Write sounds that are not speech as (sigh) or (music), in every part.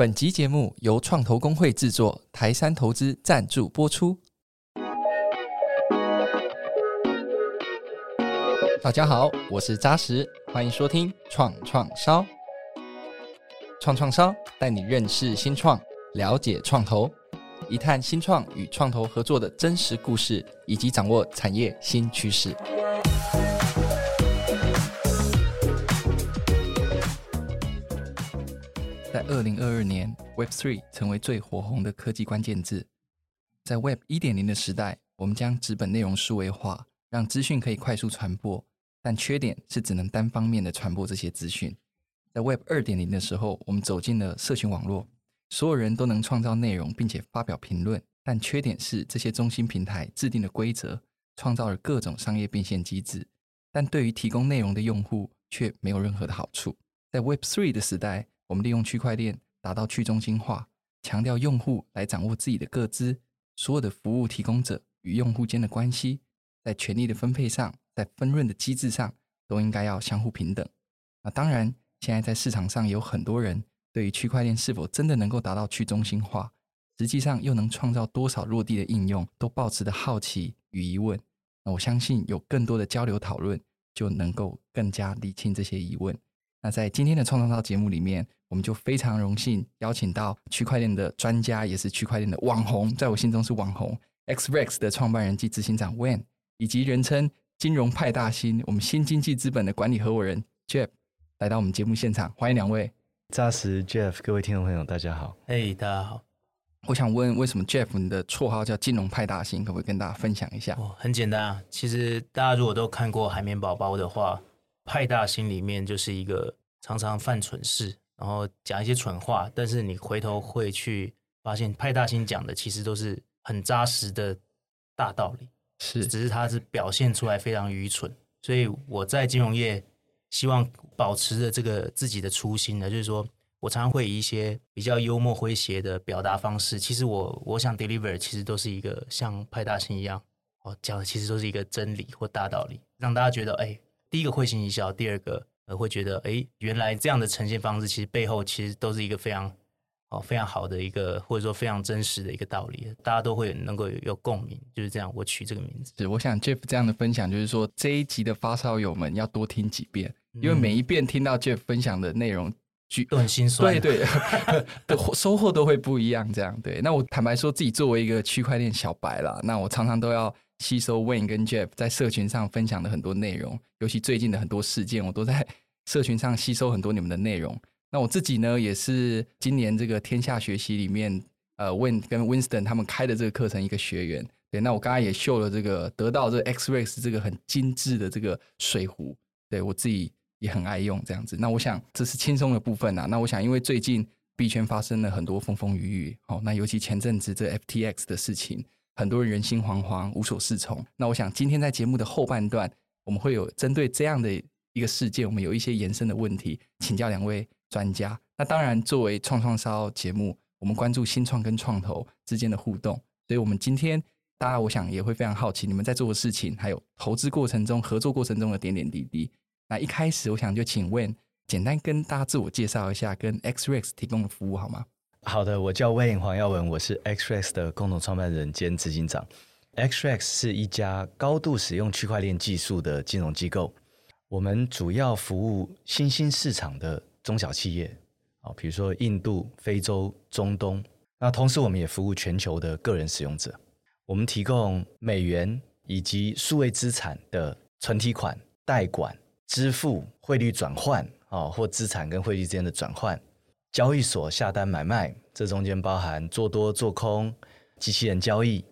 本集節目由創投公會製作，台山投資贊助播出。大家好，我是扎實，歡迎收聽創創《創創燒》。創創燒帶你認識新創，了解創投，一探新創與創投合作的真實故事，以及掌握產業新趨勢。二零二二年，Web Three 成為最火紅的科技關鍵字。在 Web 一點零的時代，我們將紙本內容數位化，讓資訊可以快速傳播，但缺點是只能單方面的傳播這些資訊。在 Web 二點零的時候，我們走進了社群網絡，所有人都能創造內容並且發表評論，但缺點是這些中心平台制定的規則，創造了各種商業變現機制，但對於提供內容的用戶卻沒有任何的好處。在 Web Three 的時代。我們利用區塊鏈達到去中心化，強調用戶來掌握自己的個資，所有的服務提供者與用戶間的關係，在權力的分配上，在分潤的機制上，都應該要相互平等。那當然，現在在市場上有很多人對於區塊鏈是否真的能夠達到去中心化，實際上又能創造多少落地的應用，都抱持著好奇與疑問。那我相信有更多的交流討論，就能夠更加理清這些疑問。那在今天的創創燒節目裡面。我們就非常榮幸邀請到區塊鏈的專家，也是區塊鏈的網紅，在我心中是網紅 XREX 的創辦人及執行長 Wayne，以及人稱金融派大星，我們新經濟資本的管理合夥人 Jeff 來到我們節目現場，歡迎兩位。扎實 Jeff，各位聽眾朋友大家好。哎、hey,，大家好。我想問，為什麼 Jeff 你的綽號叫金融派大星？可不可以跟大家分享一下？哦、oh,，很簡單啊，其實大家如果都看過海綿寶寶的話，派大星裡面就是一個常常犯蠢事。然後講一些蠢話，但是你回頭會去發現，派大星講的其實都是很扎實的大道理，是，只是他是表現出來非常愚蠢。所以我在金融業希望保持着這個自己的初心呢，就是說我常常會以一些比較幽默詼諧的表達方式，其實我我想 deliver 其實都是一個像派大星一樣，我講的其實都是一個真理或大道理，讓大家覺得，哎，第一個會心一笑，第二個。會覺得哎，原來這樣的呈現方式，其實背後其實都是一個非常、哦、非常好的一個，或者說非常真實的一個道理，大家都會能夠有共鳴。就是這樣，我取這個名字。對，我想 Jeff 這樣的分享，就是說這一集的發燒友們要多聽幾遍，因為每一遍聽到 Jeff 分享的內容，都、嗯、很心酸。對對，的 (laughs) 收穫都會不一樣。這樣對。那我坦白說自己作為一個區塊鏈小白啦，那我常常都要，吸收 Wayne 跟 Jeff 在社群上分享的很多內容，尤其最近的很多事件，我都在社群上吸收很多你們的內容。那我自己呢，也是今年這個天下學習裡面，呃，Wayne 跟 Winston 他們開的這個課程一個學員。對，那我剛才也秀了這個得到這 XREX 這個很精緻的這個水壺，對我自己也很愛用這樣子。那我想這是輕鬆的部分啊。那我想，因為最近幣圈發生了很多風風雨雨，哦，那尤其前陣子這 FTX 的事情。很多人人心惶惶，無所適從。那我想，今天在節目的後半段，我們會有針對這樣的一個事件，我們有一些延伸的問題，請教兩位專家。那當然，作為創創燒節目，我們關注新創跟創投之間的互動。所以，我們今天大家，我想也會非常好奇你們在做的事情，還有投資過程中、合作過程中的點點滴滴。那一開始，我想就請問，簡單跟大家自我介紹一下，跟 XREX 提供的服務好嗎？好的，我叫 Wayne 黃耀文，我是 XREX 的共同創辦人兼執行長。XREX 是一家高度使用區塊鏈技術的金融機構，我們主要服務新興市場的中小企業啊、哦，比如說印度、非洲、中東。那同時，我們也服務全球的個人使用者。我們提供美元以及數位資產的存提款、代管、支付、匯率轉換啊、哦，或資產跟匯率之間的轉換。交易所下單買賣，這中間包含做多、做空、機器人交易、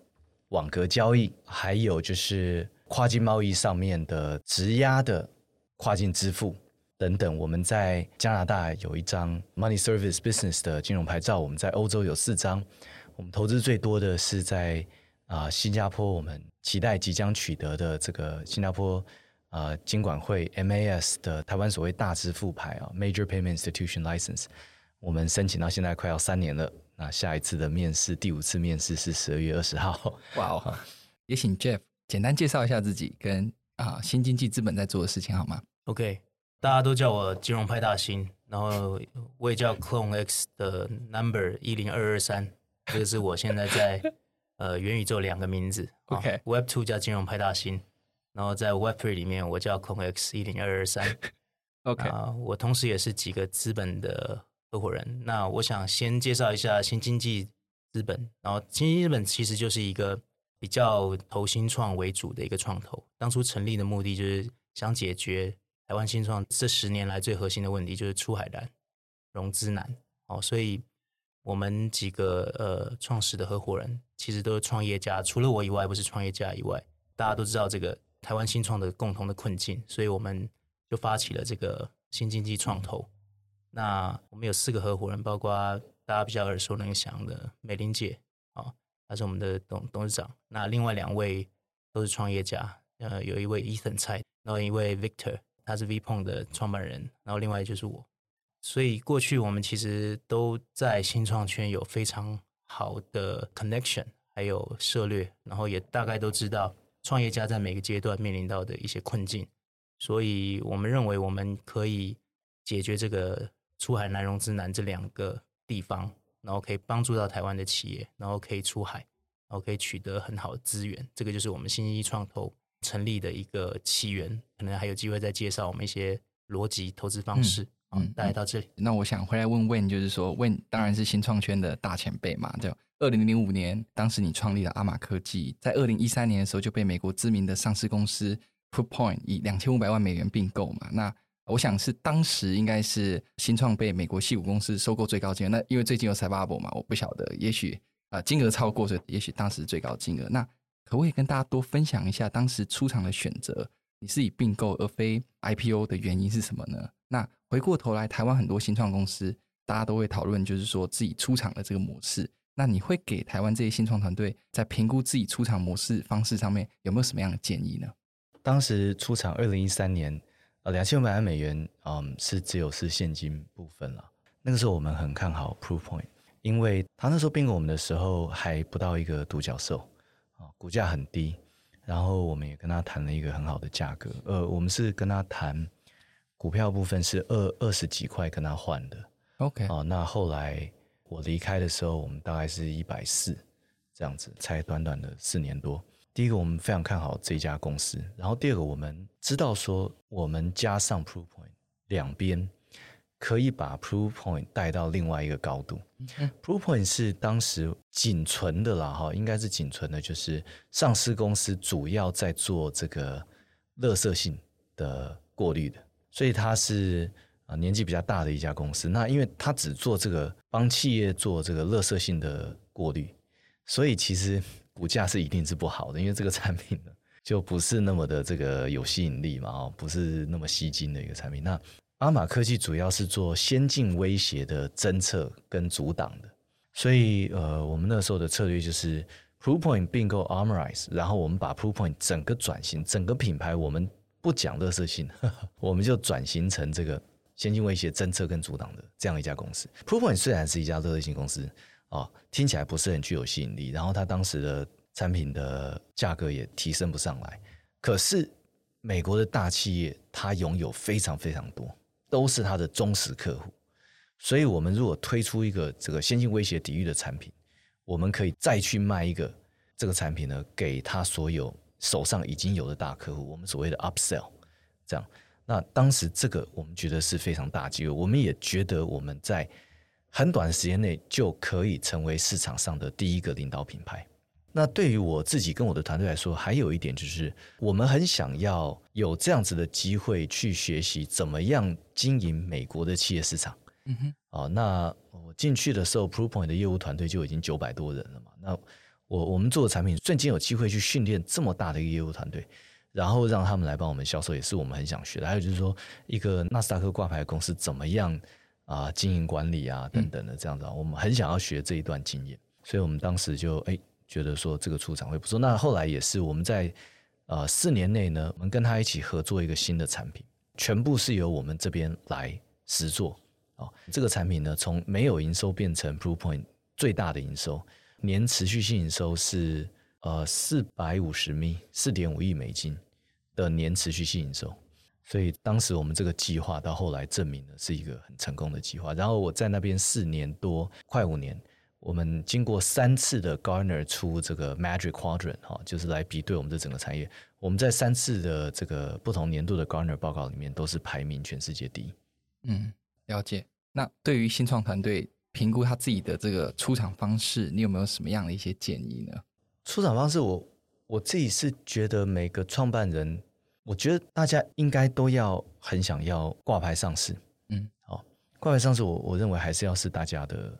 網格交易，還有就是跨境貿易上面的質押的跨境支付等等。我們在加拿大有一張 Money Service Business 的金融牌照，我們在歐洲有四張。我們投資最多的是在啊、呃、新加坡，我們期待即將取得的這個新加坡啊金、呃、管會 MAS 的台灣所謂大支付牌啊 Major Payment Institution License。我們申請到現在快要三年了，那下一次的面試，第五次面試是十二月二十號。哇哦，也請 Jeff 簡單介紹一下自己跟啊新經濟資本在做的事情好嗎？OK，大家都叫我金融派大星，然後我也叫 Clone X 的 Number 一零二二三，這個是我現在在 (laughs) 呃元宇宙兩個名字，OK，okay. 哦、Web Two 叫金融派大星，然後在 Web Three 裡面我叫 Clone X 一零二二三，OK 啊、呃，我同時也是幾個資本的。合夥人，那我想先介紹一下新經濟資本，然後新經濟資本其實就是一個比較投新創為主的一個創投。當初成立的目的就是想解決台灣新創這十年來最核心的問題，就是出海難、融資難。哦，所以我們幾個呃創始的合夥人其實都是創業家，除了我以外不是創業家以外，大家都知道這個台灣新創的共同的困境，所以我們就發起了這個新經濟創投。那我們有四個合夥人，包括大家比較耳熟能詳的美玲姐，啊、哦，她是我們的董董事長。那另外兩位都是創業家，呃，有一位 Ethan Cai 然後一位 Victor，他是 Vpon 的創辦人，然後另外就是我。所以過去我們其實都在新創圈有非常好的 connection，還有策略，然後也大概都知道創業家在每個階段面臨到的一些困境，所以我們認為我們可以解決這個。出海難融資難這兩個地方，然後可以幫助到台灣的企業，然後可以出海，然後可以取得很好的資源。這個就是我們新一創投成立的一個起源。可能還有機會再介紹我們一些邏輯投資方式。嗯，大概到這裡、嗯嗯。那我想回來問 Wayne 就是說、嗯、，Wayne 當然是新創圈的大前輩嘛。就二零零五年，當時你創立了阿碼科技，在二零一三年的時候就被美國知名的上市公司 Proofpoint 以兩千五百萬美元並購嘛。那我想是當時應該是新創被美國系武公司收購最高金額，那因為最近有 Cyberbulb 嘛，我不曉得，也許啊、呃、金額超過這，所以也許當時最高金額。那可不可以跟大家多分享一下當時出場的選擇？你是以併購而非 IPO 的原因是什麼呢？那回過頭來，台灣很多新創公司大家都會討論，就是說自己出場的這個模式。那你會給台灣這些新創團隊在評估自己出場模式方式上面有沒有什麼樣的建議呢？當時出場二零一三年。兩千五百萬美元，嗯，是只有是現金部分啦。那個時候我們很看好 Proofpoint，因為他那時候併購我們的時候還不到一個獨角獸，啊，股價很低，然後我們也跟他談了一個很好的價格。呃，我們是跟他談股票部分是二二十幾塊跟他換的。OK，哦，那後來我離開的時候，我們大概是一百四，這樣子，才短短的四年多。第一個，我們非常看好這一家公司。然後第二個，我們知道說，我們加上 ProofPoint 兩邊，可以把 ProofPoint 帶到另外一個高度。嗯、ProofPoint 是當時僅存的啦，哈，應該是僅存的，就是上市公司主要在做這個垃圾性的過濾的，所以它是啊年紀比較大的一家公司。那因為它只做這個幫企業做這個垃圾性的過濾，所以其實。股價是一定是不好的，因為這個產品呢，就不是那麼的這個有吸引力嘛，哦，不是那麼吸睛的一個產品。那阿碼科技主要是做先進威脅的偵測跟阻擋的，所以呃，我們那時候的策略就是 Proofpoint 併購 Armorize，然後我們把 Proofpoint 整個轉型，整個品牌我們不講垃圾信， (laughs) 我們就轉型成這個先進威脅偵測跟阻擋的這樣一家公司。Proofpoint 雖然是一家垃圾信公司。啊，聽起來不是很具有吸引力。然後他當時的產品的價格也提升不上來。可是美國的大企業，他擁有非常非常多，都是他的忠實客戶。所以，我們如果推出一個這個先進威脅抵禦的產品，我們可以再去賣一個這個產品呢，給他所有手上已經有的大客戶。我們所謂的 upsell，這樣。那當時這個我們覺得是非常大機會。我們也覺得我們在。很短的時間內就可以成為市場上的第一個領導品牌。那對於我自己跟我的團隊來說，還有一點就是，我們很想要有這樣子的機會去學習怎麼樣經營美國的企業市場。嗯哼。啊、哦，那我進去的時候，Proofpoint 的業務團隊就已經九百多人了嘛。那我我們做的產品瞬間有機會去訓練這麼大的一個業務團隊，然後讓他們來幫我們銷售，也是我們很想學的。還有就是說，一個納斯達克掛牌的公司怎麼樣？啊，經營管理啊，等等的，嗯、這樣子，我們很想要學這一段經驗，所以我們當時就哎覺得說這個出場會不錯。那後來也是，我們在呃四年內呢，我們跟他一起合作一個新的產品，全部是由我們這邊來實做。哦，這個產品呢，從沒有營收變成 Proofpoint 最大的營收，年持續性營收是呃四百五十 M 四點五億美金的年持續性營收。所以當時我們這個計劃到後來證明呢是一個很成功的計劃。然後我在那邊四年多，快五年，我們經過三次的 Gartner 出這個 Magic Quadrant，哈，就是來比對我們這整個產業，我們在三次的這個不同年度的 Gartner 報告裡面都是排名全世界第一。嗯，了解。那對於新創團隊評估他自己的這個出場方式，你有沒有什麼樣的一些建議呢？出場方式我，我我自己是覺得每個創辦人。我覺得大家應該都要很想要掛牌上市，嗯，好、哦，掛牌上市我，我我認為還是要是大家的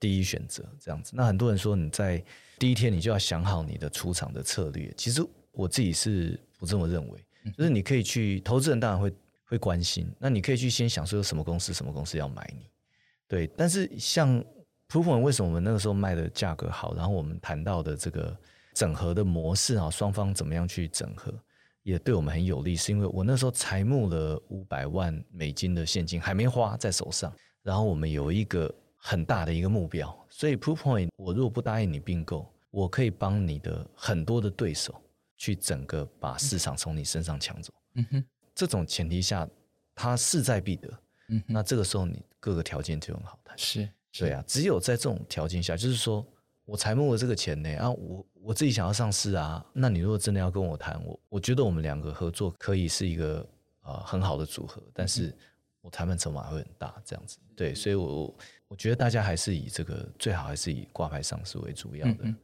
第一選擇，這樣子。那很多人說你在第一天你就要想好你的出場的策略，其實我自己是不這麼認為，就是你可以去，投資人當然會會關心，那你可以去先想說有什麼公司什麼公司要買你，對。但是像 Proofman 為什麼我們那個時候賣的價格好，然後我們談到的這個整合的模式啊，雙、哦、方怎麼樣去整合？也對我們很有利，是因為我那時候才募了五百萬美金的現金，還沒花在手上。然後我們有一個很大的一個目標，所以 Proof Point，我如果不答應你併購，我可以幫你的很多的對手去整個把市場從你身上搶走。嗯哼，這種前提下，他勢在必得。嗯，那這個時候你各個條件就很好談。是。是，對啊，只有在這種條件下，就是說。我才募了這個錢呢啊！我我自己想要上市啊。那你如果真的要跟我談，我我覺得我們兩個合作可以是一個呃很好的組合，但是我談判籌碼會很大這樣子。對，所以我我覺得大家還是以這個最好還是以掛牌上市為主要的啊、嗯嗯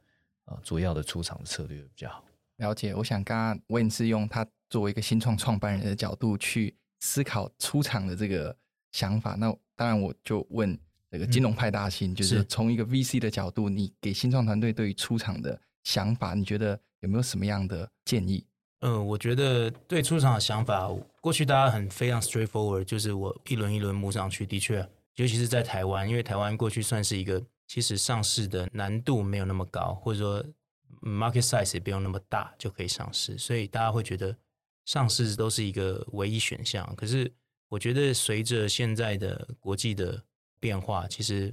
呃、主要的出場的策略比較好。了解。我想剛剛問是用他作為一個新創創辦人的角度去思考出場的這個想法。那當然我就問。那個金融派大星、嗯，就是從一個 VC 的角度，你給新創團隊對於出場的想法，你覺得有沒有什麼樣的建議？嗯，我覺得對出場的想法，過去大家很非常 straightforward，就是我一輪一輪募上去，的確，尤其是在台灣，因為台灣過去算是一個其實上市的難度沒有那麼高，或者說 market size 也不用那麼大就可以上市，所以大家會覺得上市都是一個唯一選項。可是我覺得隨着現在的國際的變化，其實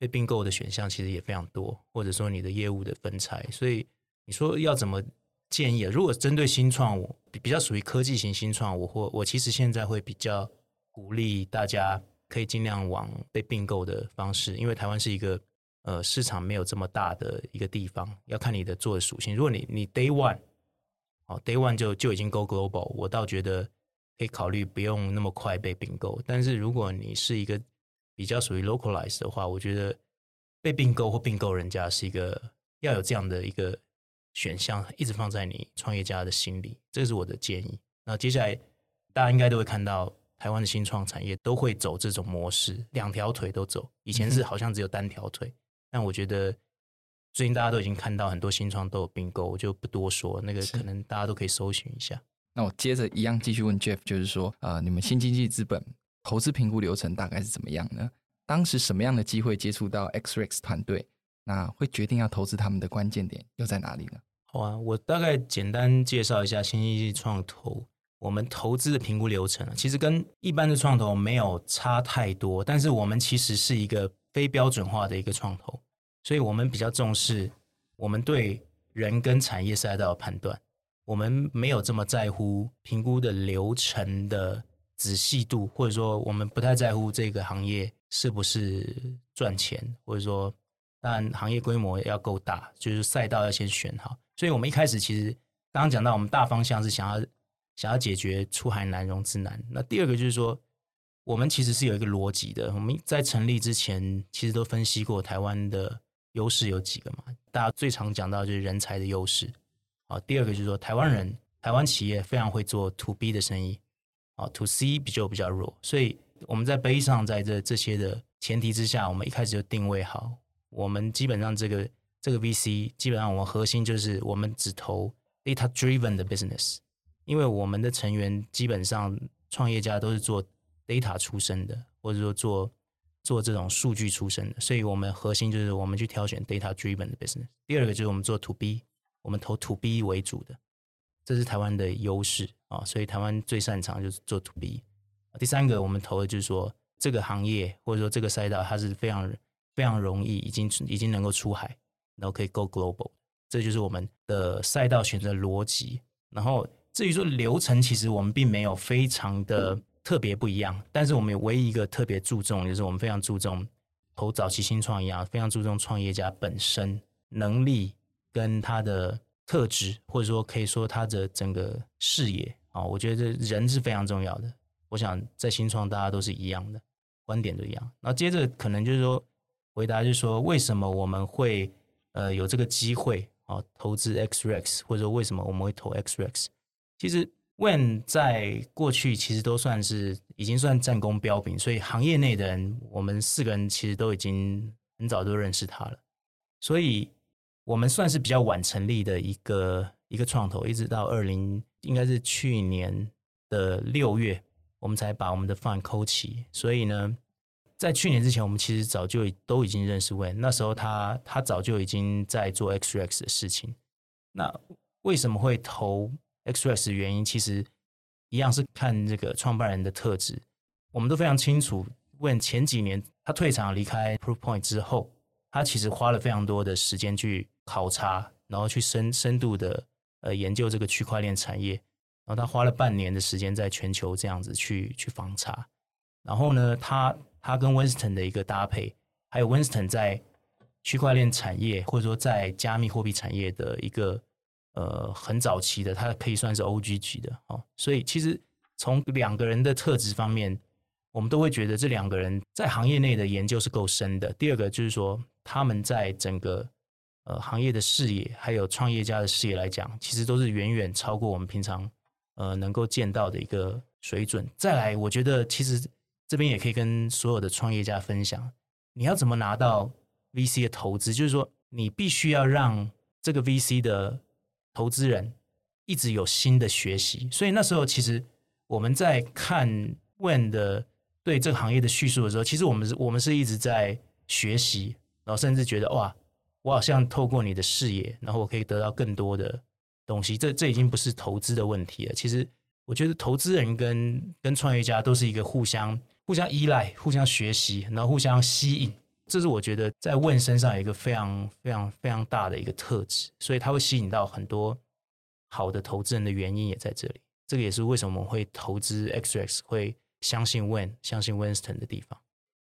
被併購的選項其實也非常多，或者說你的業務的分拆，所以你說要怎麼建議？如果針對新創，比較屬於科技型新創，我或我其實現在會比較鼓勵大家可以儘量往被併購的方式，因為台灣是一個呃市場沒有這麼大的一個地方，要看你的做的屬性。如果你你 Day One，好，Day One 就就已經 Go Global，我倒覺得可以考慮不用那麼快被併購。但是如果你是一個比較屬於 localize 的話，我覺得被併購或併購人家是一個要有這樣的一個選項，一直放在你創業家的心裡，這是我的建議。那接下來大家應該都會看到台灣的新創產業都會走這種模式，兩條腿都走。以前是好像只有單條腿、嗯，但我覺得最近大家都已經看到很多新創都有併購，我就不多說。那個可能大家都可以搜尋一下。那我接着一樣繼續問 Jeff，就是說，呃，你們新經濟資本、嗯。投資評估流程大概是怎麼樣呢？當時什麼樣的機會接觸到 XREX 團隊？那會決定要投資他們的關鍵點又在哪裡呢？好啊，我大概簡單介紹一下新經濟創投。我們投資的評估流程啊，其實跟一般的創投沒有差太多，但是我們其實是一個非標準化的一個創投，所以我們比較重視我們對人跟產業賽道的判斷，我們沒有這麼在乎評估的流程的。仔細度，或者說我們不太在乎這個行業是不是賺錢，或者說，但行業規模要夠大，就是賽道要先選好。所以我們一開始其實剛剛講到，我們大方向是想要想要解決出海難融資難。那第二個就是說，我們其實是有一個邏輯的。我們在成立之前其實都分析過台灣的優勢有幾個嘛？大家最常講到就是人才的優勢，好，第二個就是說台灣人、台灣企業非常會做 to B 的生意。啊，to C 比較比較弱，所以我們在 based on 在這這些的前提之下，我們一開始就定位好，我們基本上這個這個 VC 基本上我們核心就是我們只投 data driven 的 business，因為我們的成員基本上創業家都是做 data 出身的，或者說做做這種數據出身的，所以我們核心就是我們去挑選 data driven 的 business。第二個就是我們做 to B，我們投 to B 為主的。這是台灣的優勢啊、哦，所以台灣最擅長就是做 To B。第三個，我們投的就是說這個行業或者說這個賽道，它是非常非常容易，已經已經能夠出海，然後可以 Go Global。這就是我們的賽道選擇邏輯。然後至於說流程，其實我們並沒有非常的特別不一樣，但是我們唯一一個特別注重就是我們非常注重投早期新創業啊，非常注重創業家本身能力跟他的。特質，或者說可以說他的整個視野啊，我覺得人是非常重要的。我想在新創，大家都是一樣的觀點，都一樣。那接着可能就是說，回答就是說，為什麼我們會呃有這個機會啊投資 XREX 或者說為什麼我們會投 XREX？其實 Wayne 在過去其實都算是已經算戰功彪炳，所以行業內的人，我們四個人其實都已經很早都認識他了，所以。我們算是比較晚成立的一個一個創投，一直到二零應該是去年的六月，我們才把我們的 fund 扣齊。所以呢，在去年之前，我們其實早就都已經認識 Wayne 那時候他他早就已經在做 XREX 的事情。那為什麼會投 XREX？原因其實一樣是看這個創辦人的特質。我們都非常清楚，Wayne 前幾年他退場離開 Proofpoint 之後。他其實花了非常多的時間去考察，然後去深深度的呃研究這個區塊鏈產業，然後他花了半年的時間在全球這樣子去去訪查。然後呢，他他跟 Winston 的一個搭配，還有 Winston 在區塊鏈產業或者說在加密貨幣產業的一個呃很早期的，他可以算是 OG 級的哦。所以其實從兩個人的特質方面，我們都會覺得這兩個人在行業內的研究是夠深的。第二個就是說。他們在整個呃行業的視野，還有創業家的視野來講，其實都是遠遠超過我們平常呃能夠見到的一個水準。再來，我覺得其實這邊也可以跟所有的創業家分享，你要怎麼拿到 VC 的投資，就是說你必須要讓這個 VC 的投資人一直有新的學習。所以那時候，其實我們在看 Wayne 的對這個行業的敘述的時候，其實我們是我們是一直在學習。然後甚至覺得哇，我好像透過你的視野，然後我可以得到更多的東西。這這已經不是投資的問題了。其實我覺得投資人跟跟創業家都是一個互相互相依賴、互相學習，然後互相吸引。這是我覺得在 Wayne 身上有一個非常非常非常大的一個特質，所以它會吸引到很多好的投資人的原因也在這裡。這個也是為什麼我們會投資 XREX，會相信 Wayne，相信 Winston 的地方。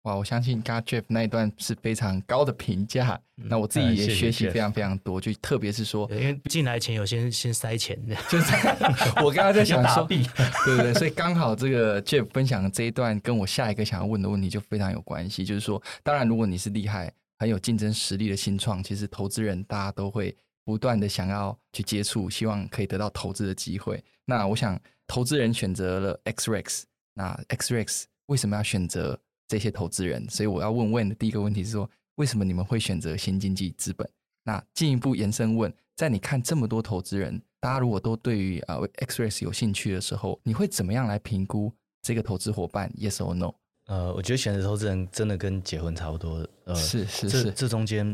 哇，我相信剛剛 Jeff 那一段是非常高的評價、嗯。那我自己也學習非常非常多，嗯、就特別是說，因為進來前有先先塞錢，就是 (laughs) 我剛才在想說，對不對,對？所以剛好這個 Jeff 分享的這一段，跟我下一個想要問的問題就非常有關係。就是說，當然如果你是厲害、很有競爭實力的新創，其實投資人大家都會不斷的想要去接觸，希望可以得到投資的機會。那我想，投資人選擇了 XREX，那 XREX 為什麼要選擇？這些投資人，所以我要問問的第一個問題是說，為什麼你們會選擇新經濟資本？那進一步延伸問，在你看這麼多投資人，大家如果都對於啊 XREX 有興趣的時候，你會怎麼樣來評估這個投資夥伴？Yes or no？呃，我覺得選擇投資人真的跟結婚差不多，呃，是是是這，這中間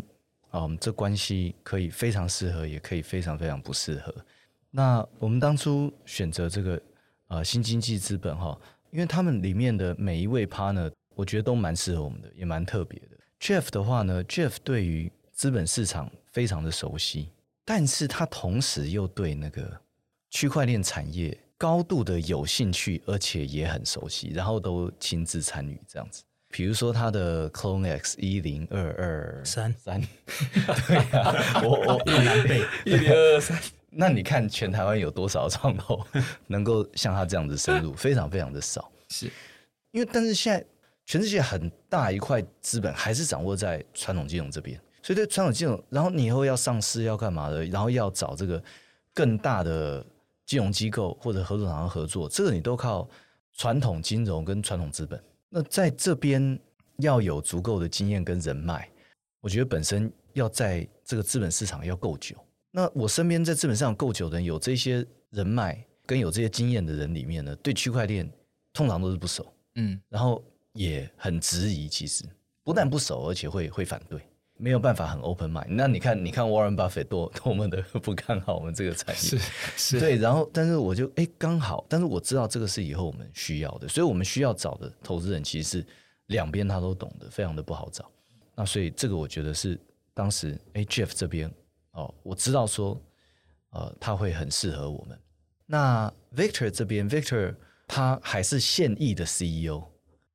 啊、呃，這關係可以非常適合，也可以非常非常不適合。那我們當初選擇這個啊、呃、新經濟資本哈、哦，因為他們裡面的每一位 partner。我覺得都蠻適合我們的，也蠻特別的。Jeff 的話呢，Jeff 對於資本市場非常的熟悉，但是他同時又對那個區塊鏈產業高度的有興趣，而且也很熟悉，然後都親自參與這樣子。比如說他的 Clone X 一零二二三三， (laughs) 對呀，啊，我我一兩倍一零二二三，那你看全台灣有多少創投能夠像他這樣子深入， (laughs) 非常非常的少。是因為，但是現在。全世界很大一塊資本還是掌握在傳統金融這邊，所以對傳統金融，然後你以後要上市要幹嘛的，然後要找這個更大的金融機構或者合作廠商合作，這個你都靠傳統金融跟傳統資本。那在這邊要有足夠的經驗跟人脈，我覺得本身要在這個資本市場要夠久。那我身邊在資本市場夠久的人，有這些人脈跟有這些經驗的人裡面呢，對區塊鏈通常都是不熟。嗯，然後。也很質疑，其實不但不熟，而且會會反對，沒有辦法很 open mind。那你看，你看 Warren Buffett 多多麼的不看好我們這個產業，是，是，對。然後，但是我就哎，剛、欸、好，但是我知道這個是以後我們需要的，所以我們需要找的投資人其實是兩邊他都懂的，非常的不好找。那所以這個我覺得是當時哎 Jeff 這邊哦，我知道說呃他會很適合我們。那 Victor 這邊，Victor 他還是現役的 CEO。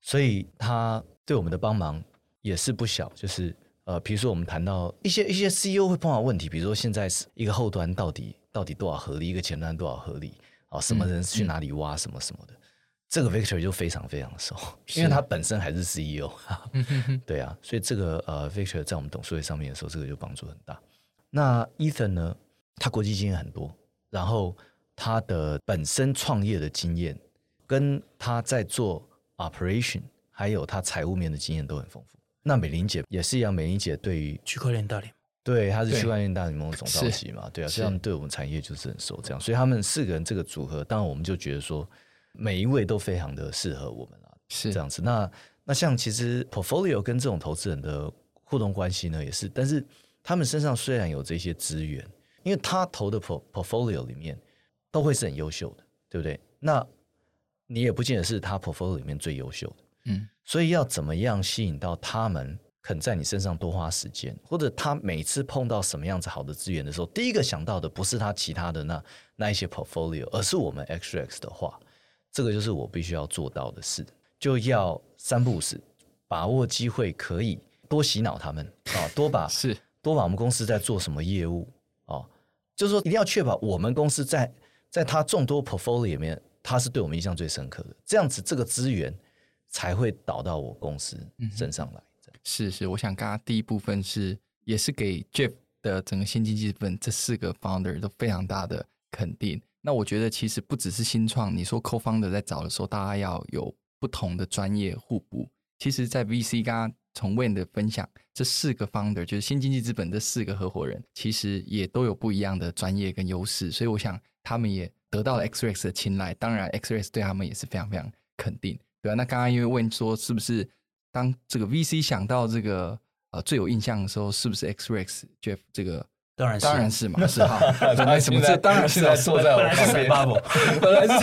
所以他對我們的幫忙也是不小，就是呃，比如說我們談到一些一些 CEO 會碰到問題，比如說現在是一個後端到底到底多少合理，一個前端多少合理啊，什麼人去哪裡挖什麼什麼的，嗯、這個 Victor 就非常非常熟，因為他本身還是 CEO，、嗯、哼哼 (laughs) 對啊，所以這個呃 Victor 在我們董事會上面的時候，這個就幫助很大。那 Ethan 呢，他國際經驗很多，然後他的本身創業的經驗跟他在做。Operation 還有他財務面的經驗都很豐富。那美玲姐也是一樣，美玲姐對於區塊鏈大聯盟，對，她是區塊鏈大聯盟的總召集嘛對，對啊，這樣對我們產業就是很熟，這樣。所以他們四個人這個組合，當然我們就覺得說，每一位都非常的適合我們、啊、是這樣子。那那像其實 portfolio 跟這種投資人的互動關係呢，也是。但是他們身上雖然有這些資源，因為他投的 portfolio 裡面都會是很優秀的，對不對？那你也不見得是他 portfolio 裡面最優秀的，嗯，所以要怎麼樣吸引到他們肯在你身上多花時間，或者他每次碰到什麼樣子好的資源的時候，第一個想到的不是他其他的那那一些 portfolio，而是我們 XREX 的話，這個就是我必須要做到的事，就要三不五時把握機會，可以多洗腦他們啊，多把是多把我們公司在做什麼業務啊，就是說一定要確保我們公司在在他眾多 portfolio 裡面。他是對我們印象最深刻的，這樣子這個資源才會導到我公司身上來的，嗯。是是，我想剛剛第一部分是也是給 Jeff 的整個新經濟資本這四個 founder 都非常大的肯定。那我覺得其實不只是新創，你說 Co-founder 在找的時候，大家要有不同的專業互補。其實，在 VC 剛剛從 Wayne 的分享，這四個 founder 就是新經濟資本這四個合夥人，其實也都有不一樣的專業跟優勢。所以我想他們也。得到了 XREX 的青睞，當然 XREX 對他們也是非常非常肯定，對吧、啊？那剛剛因為問說，是不是當這個 VC 想到這個呃最有印象的時候，是不是 XREX Jeff 這個？當然是，當然是嘛，是哈，沒什麼，這當然是坐在我身邊，本來是， (laughs) 本來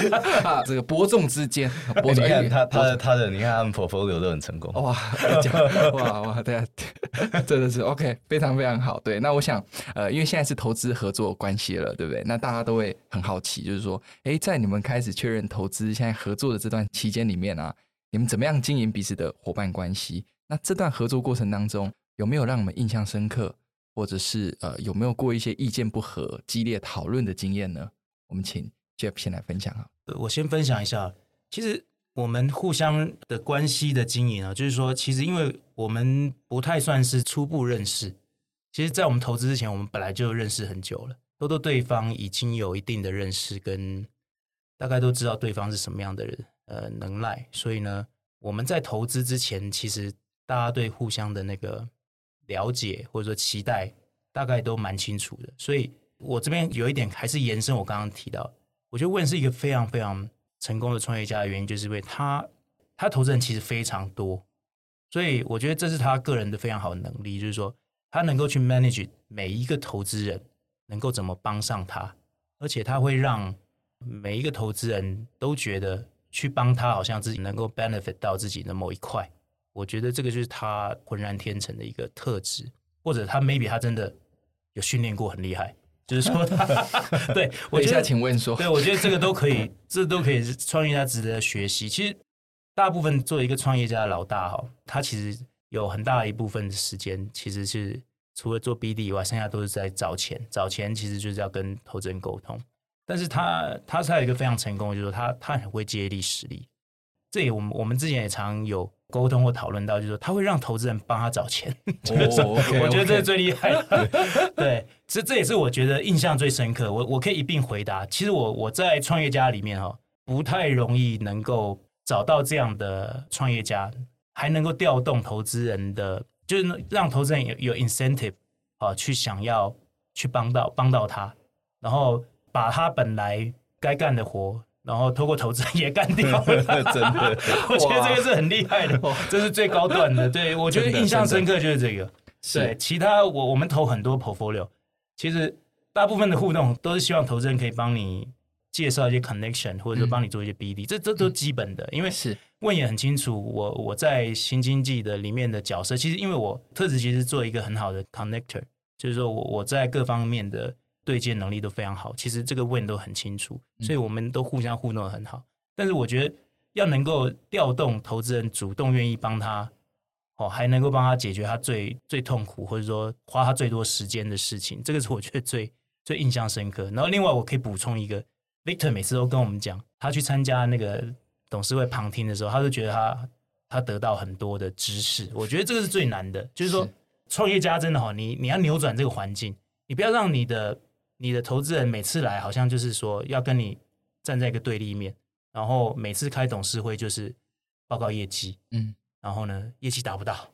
是在、 (laughs) 啊。這個伯仲之間，欸、你看他博仲之間、欸欸，他，他的，他的他的你看他們 portfolio 都很成功哇、欸，哇，哇哇，對、啊，對對 (laughs) 真的是 OK，非常非常好。對，那我想，呃，因為現在是投資合作關係了，對不對？那大家都會很好奇，就是說，哎、欸，在你們開始確認投資、現在合作的這段期間裡面呢、啊，你們怎麼樣經營彼此的伙伴關係？那這段合作過程當中，有沒有讓我們印象深刻？或者是呃，有沒有過一些意見不合、激烈討論的經驗呢？我們請 Jeff 先來分享啊。我先分享一下，其實我們互相的關係的經營呢，啊，就是說，其實因為我們不太算是初步認識，其實在我們投資之前，我們本來就認識很久了，多多對方已經有一定的認識，跟大概都知道對方是什麼樣的人，呃，能耐。所以呢，我們在投資之前，其實大家對互相的那個。了解或者說期待，大概都蠻清楚的。所以，我這邊有一點還是延伸我剛剛提到，我覺得 Wayne 是一個非常非常成功的創業家的原因，就是因為他他投資人其實非常多，所以我覺得這是他個人的非常好的能力，就是說他能夠去 manage 每一個投資人能夠怎麼幫上他，而且他會讓每一個投資人都覺得去幫他，好像自己能夠 benefit 到自己的某一塊。我覺得這個就是他渾然天成的一個特質，或者他 maybe 他真的有訓練過很厲害，就是說他 (laughs) (laughs) 對我一下，請問說，對，對，我覺得這個都可以， (laughs) 這都可以是創業家值得學習。其實大部分做一個創業家的老大哈，他其實有很大一部分的時間其實是除了做 BD 以外，剩下都是在找錢，找錢其實就是要跟投資人溝通。但是他他是還有一個非常成功，就是說他他很會借力使力。這也我們我們之前也常有溝通或討論到，就是說他會讓投資人幫他找錢，我覺得這是最厲害的。對，這這也是我覺得印象最深刻。我我可以一併回答。其實我我在創業家裡面哈、哦，不太容易能夠找到這樣的創業家，還能夠調動投資人的，就是讓投資人有有 incentive，啊，去想要去幫到幫到他，然後把他本來該幹的活。然後透過投資人也幹掉了， (laughs) 真的， (laughs) 我覺得這個是很厲害的，這是最高端的。對，我覺得印象深刻就是這個。對，其他我我們投很多 portfolio，其實大部分的互動都是希望投資人可以幫你介紹一些 connection，或者說幫你做一些 BD，嗯、這這都基本的。因為是問也很清楚我，我我在新經濟的裡面的角色，其實因為我特質其實做一個很好的 connector，就是說我我在各方面的。對接能力都非常好，其實這個問都很清楚，所以我們都互相互動很好。但是我覺得要能夠調動投資人主動願意幫他，哦，還能夠幫他解決他最最痛苦或者說花他最多時間的事情，這個是我覺得最最印象深刻。然後另外我可以補充一個，Victor 每次都跟我們講，他去參加那個董事會旁聽的時候，他就覺得他他得到很多的知識。我覺得這個是最難的，就是說創業家真的好，你你要扭轉這個環境，你不要讓你的。你的投資人每次來好像就是說要跟你站在一個對立面，然後每次開董事會就是報告業績，嗯，然後呢業績達不到，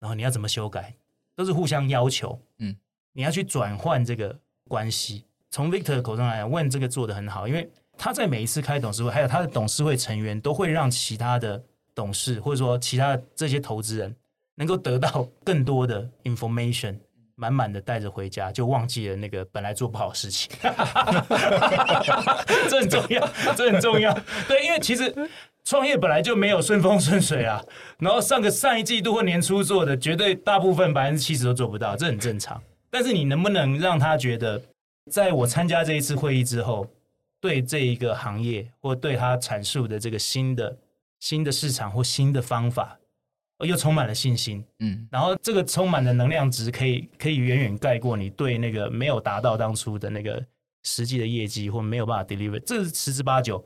然後你要怎麼修改，都是互相要求，嗯，你要去轉換這個關係。從 Victor 的口中來問，這個做得很好，因為他在每一次開董事會，還有他的董事會成員都會讓其他的董事或者說其他的這些投資人能夠得到更多的 information。滿滿的帶着回家，就忘記了那個本來做不好的事情。 (laughs) 這很重要，這很重要。對，因為其實創業本來就沒有順風順水啊。然後上個上一季度或年初做的，絕對大部分百分之七十都做不到，這很正常。但是你能不能讓他覺得，在我參加這一次會議之後，對這一個行業或對他闡述的這個新的新的市場或新的方法？又充滿了信心，嗯，然後這個充滿的能量值，可以可以遠遠蓋過你對那個沒有達到當初的那個實際的業績，或沒有辦法 deliver，這是十之八九，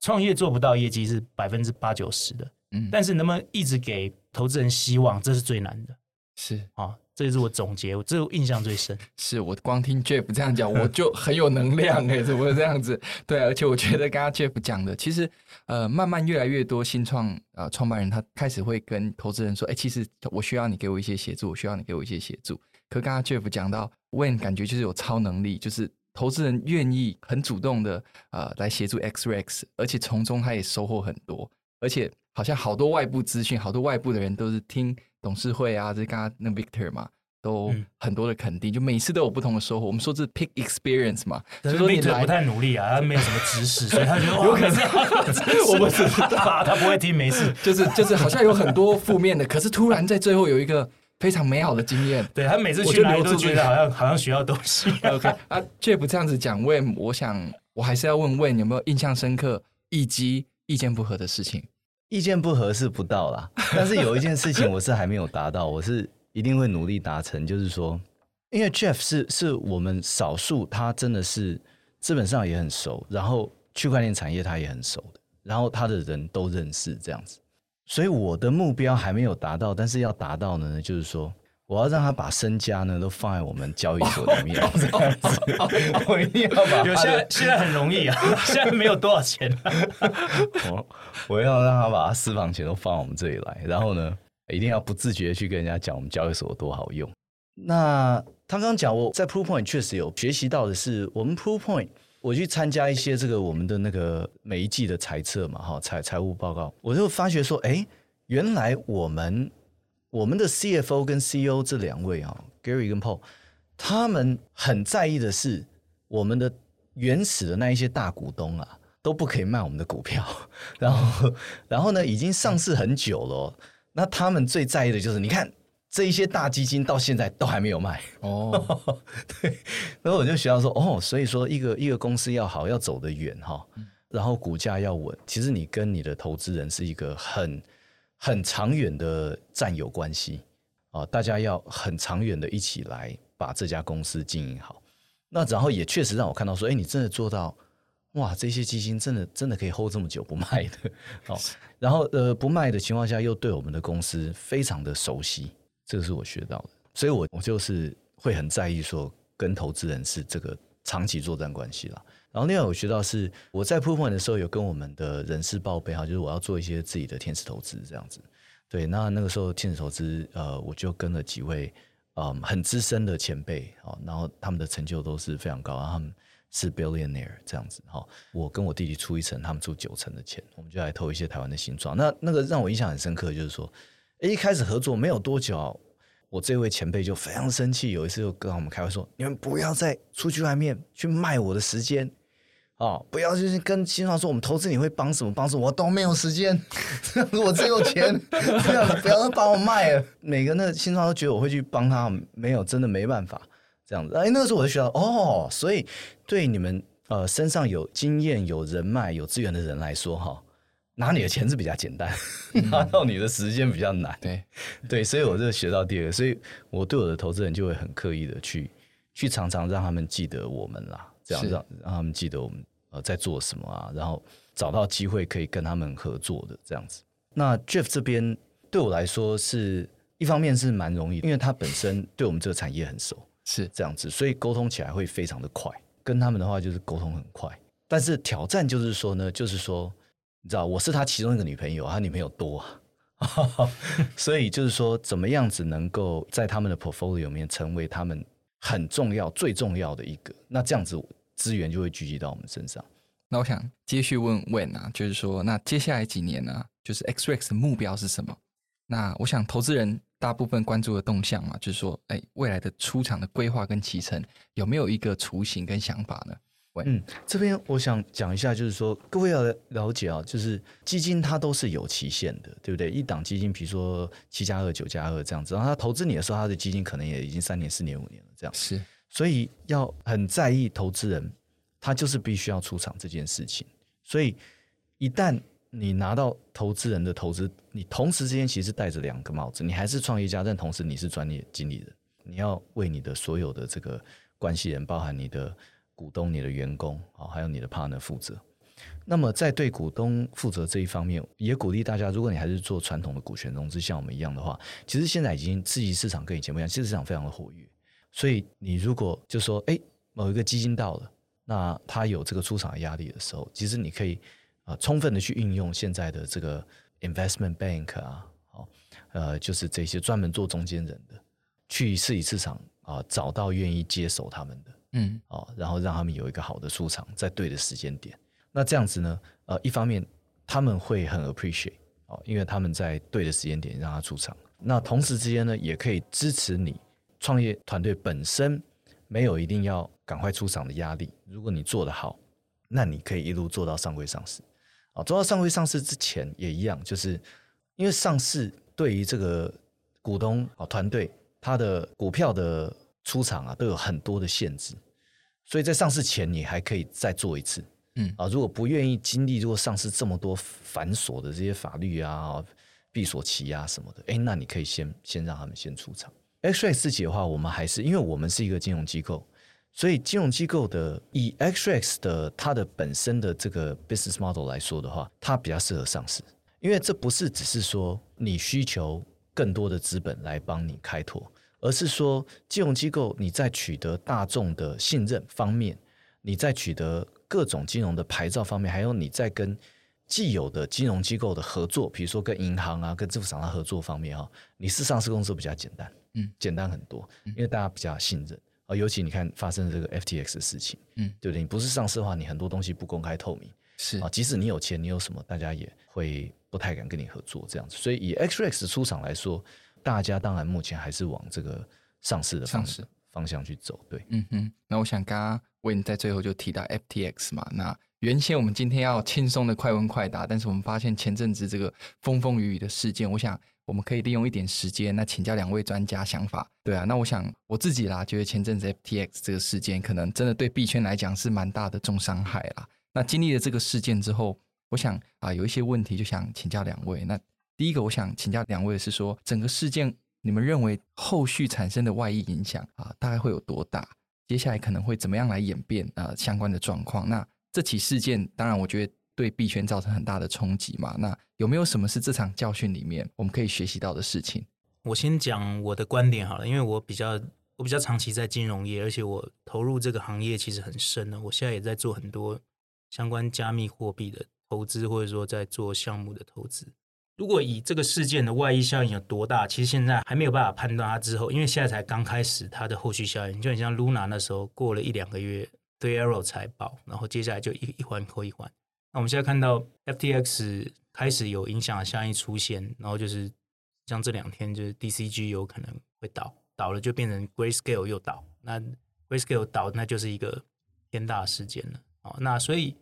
創業做不到業績是百分之八九十的，嗯，但是能不能一直給投資人希望，這是最難的，是啊。這也是我總結，這我印象最深。是我光聽 Jeff 這樣講，我就很有能量哎、欸，怎麼會 (laughs) 麼這樣子？對，而且我覺得剛剛 Jeff 講的，其實呃，慢慢越來越多新創呃創辦人他開始會跟投資人說，哎、欸，其實我需要你給我一些協助，我需要你給我一些協助。可剛剛 Jeff 講到 (laughs) ，Wayne 感覺就是有超能力，就是投資人願意很主動的呃來協助 XREX，而且從中他也收穫很多，而且好像好多外部資訊，好多外部的人都是聽。董事會啊，這、就是、剛剛那個 Victor 嘛，都很多的肯定，就每次都有不同的收穫。嗯、我們說這是 peak experience 嘛，所以說你就不太努力啊， (laughs) 他沒有什麼知識，所以他覺得 (laughs) 有可能。我 (laughs) 不是，他，是他，他，他，他不會聽，沒事，就是就是好像有很多負面的， (laughs) 可是突然在最後有一個非常美好的經驗。對，他每次去來都覺得好像好像學到東西、啊。 (laughs) OK 啊，Jeff 這樣子講，Wayne，我想 (laughs) 我還是要問 Wayne 有沒有印象深刻以及意見不合的事情。意見不合適不到啦，但是有一件事情我是還沒有達到， (laughs) 我是一定會努力達成。就是說，因為 Jeff 是是我們少數，他真的是資本上也很熟，然後區塊鏈產業他也很熟，然後他的人都認識這樣子，所以我的目標還沒有達到，但是要達到呢，就是說。我要讓他把身家呢都放在我們交易所裡面，哦哦哦、 (laughs) 我一定要把有。有些人現在很容易啊， (laughs) 現在沒有多少錢、啊 (laughs) 我。我我要讓他把他私房錢都放在我們這裡來，然後呢，一定要不自覺的去跟人家講我們交易所有多好用。 (laughs) 那他剛剛講，我在 ProPoint 確實有學習到的是，我們 ProPoint 我去參加一些這個我們的那個每一季的財測嘛，哈財財務報告，我就發覺說，哎，原來我們。我們的 CFO 跟 CEO 這兩位啊、哦、，Gary 跟 Paul，他們很在意的是我們的原始的那一些大股東啊，都不可以賣我們的股票。然後，然後呢，已經上市很久了、哦，那他們最在意的就是，你看，這一些大基金到現在都還沒有賣。哦， (laughs) 對。然後我就學到說，哦，所以說一個一個公司要好要走得遠哈、哦，然後股價要穩。其實你跟你的投資人是一個很。很長遠的戰友關係啊，大家要很長遠的一起來把這家公司經營好。那然後也確實讓我看到說，哎、欸，你真的做到，哇，這些基金真的真的可以 hold 這麼久不賣的。好， (laughs) 然後呃，不賣的情況下，又對我們的公司非常的熟悉，這個是我學到的。所以，我我就是會很在意說，跟投資人是這個長期作戰關係啦。然後另外我學到是我在鋪盤的時候有跟我們的人事報備哈，就是我要做一些自己的天使投資這樣子。對，那那個時候天使投資，呃，我就跟了幾位嗯、呃、很資深的前輩，然後他們的成就都是非常高，然後他們是 billionaire 這樣子哈。我跟我弟弟出一層，他們出九成的錢，我們就來投一些台灣的新創。那那個讓我印象很深刻，就是說一開始合作沒有多久，我這位前輩就非常生氣，有一次就跟我們開會說，你們不要再出去外面去賣我的時間。哦，不要就是跟新創說我們投資你會幫什麼幫什麼，我都沒有時間。 (laughs) 我只有錢， (laughs) 這樣子不要把 (laughs) 我賣了。每個那個新創都覺得我會去幫他，沒有真的沒辦法這樣子。哎，那個時候我就學到哦，所以對你們呃身上有經驗、有人脈、有資源的人來說哈、哦，拿你的錢是比較簡單， (laughs) 拿到你的時間比較難。對 (laughs) 對，所以我就學到第二個，所以我對我的投資人就會很刻意的去去常常讓他們記得我們啦，這樣讓讓他們記得我們。呃，在做什麼啊？然後找到機會可以跟他們合作的，這樣子。那 Jeff 這邊對我來說是一方面是蠻容易的，因為他本身對我們這個產業很熟，是這樣子，所以溝通起來會非常的快。跟他們的話就是溝通很快，但是挑戰就是說呢，就是說你知道我是他其中一個女朋友，他女朋友多啊。 (laughs) (laughs) 所以就是說怎麼樣子能夠在他們的 portfolio 裡面成為他們很重要最重要的一個。那這樣子。資源就會聚集到我們身上。那我想接續問問啊，就是說，那接下來幾年呢、啊？就是 XREX 的目標是什麼？那我想投資人大部分關注的動向嘛，就是說，哎、欸，未來的出場的規劃跟期程有沒有一個雛形跟想法呢？喂，嗯，這邊我想講一下，就是說，各位要了解啊，就是基金它都是有期限的，對不對？一檔基金，比如說七加二、九加二這樣子，然後他投資你的時候，他的基金可能也已經三年、四年、五年了，這樣子是。所以要很在意投資人，他就是必須要出場這件事情。所以一旦你拿到投資人的投資，你同時之間其實戴着兩個帽子，你還是創業家，但同時你是專業經理人，你要為你的所有的這個關係人，包含你的股東、你的員工啊，還有你的 partner 負責。那麼在對股東負責這一方面，也鼓勵大家，如果你還是做傳統的股權融資，像我們一樣的話，其實現在已經次級市場跟以前不一樣，現在市場非常的活躍。所以，你如果就說，哎、欸，某一個基金到了，那他有這個出場的壓力的時候，其實你可以啊、呃，充分的去運用現在的這個 investment bank 啊、哦，呃，就是這些專門做中間人的，去次級市場啊、呃，找到願意接手他們的，嗯，哦，然後讓他們有一個好的出場，在對的時間點。那這樣子呢，呃，一方面他們會很 appreciate，哦，因為他們在對的時間點讓他出場。那同時之間呢，也可以支持你。創業團隊本身沒有一定要趕快出場的壓力。如果你做得好，那你可以一路做到上櫃上市。啊，做到上櫃上市之前也一樣，就是因為上市對於這個股東啊、團隊他的股票的出場啊都有很多的限制，所以在上市前你還可以再做一次。嗯、啊，如果不願意經歷如果上市這麼多繁瑣的這些法律啊、閉、啊、鎖期啊什麼的誒，那你可以先先讓他們先出場。XREX 自己的話，我們還是，因為我們是一個金融機構，所以金融機構的以 XREX 的它的本身的這個 business model 來說的話，它比較適合上市，因為這不是只是說你需求更多的資本來幫你開拓，而是說金融機構你在取得大眾的信任方面，你在取得各種金融的牌照方面，還有你在跟既有的金融機構的合作，比如說跟銀行啊、跟支付廠商合作方面，哈，你是上市公司比較簡單。嗯，簡單很多，因為大家比較信任，嗯、尤其你看發生的這個 FTX 的事情，嗯，對不對？你不是上市的話，你很多東西不公開透明，是啊。即使你有錢，你有什麼，大家也會不太敢跟你合作這樣子。所以以 XREX 出場來說，大家當然目前還是往這個上市的方向，方向去走，對。嗯哼，那我想剛剛 Wayne 你在最後就提到 FTX 嘛，那原先我們今天要輕鬆的快問快答，但是我們發現前陣子這個風風雨雨的事件，我想。我們可以利用一點時間，那請教兩位專家想法。對啊，那我想我自己啦，覺得前陣子 FTX 這個事件，可能真的對幣圈來講是蠻大的重傷害啦。那經歷了這個事件之後，我想啊，有一些問題就想請教兩位。那第一個，我想請教兩位是說，整個事件你們認為後續產生的外溢影響啊，大概會有多大？接下來可能會怎麼樣來演變啊？相關的狀況？那這起事件，當然我覺得。對幣圈造成很大的衝擊嘛？那有沒有什麼是這場教訓裡面我們可以學習到的事情？我先講我的觀點好了，因為我比較我比較長期在金融業，而且我投入這個行業其實很深的。我現在也在做很多相關加密貨幣的投資，或者說在做項目的投資。如果以這個事件的外溢效應有多大，其實現在還沒有辦法判斷它之後，因為現在才剛開始它的後續效應。就很像 Luna 那時候過了一兩個月，Three Arrows 財報，然後接下來就一一環扣一環。那我們現在看到 FTX 開始有影響相應出現，然後就是像這兩天，就是 DCG 有可能會倒，倒了就變成 Grayscale 又倒，那 Grayscale 倒，那就是一個天大的事件了啊！那所以，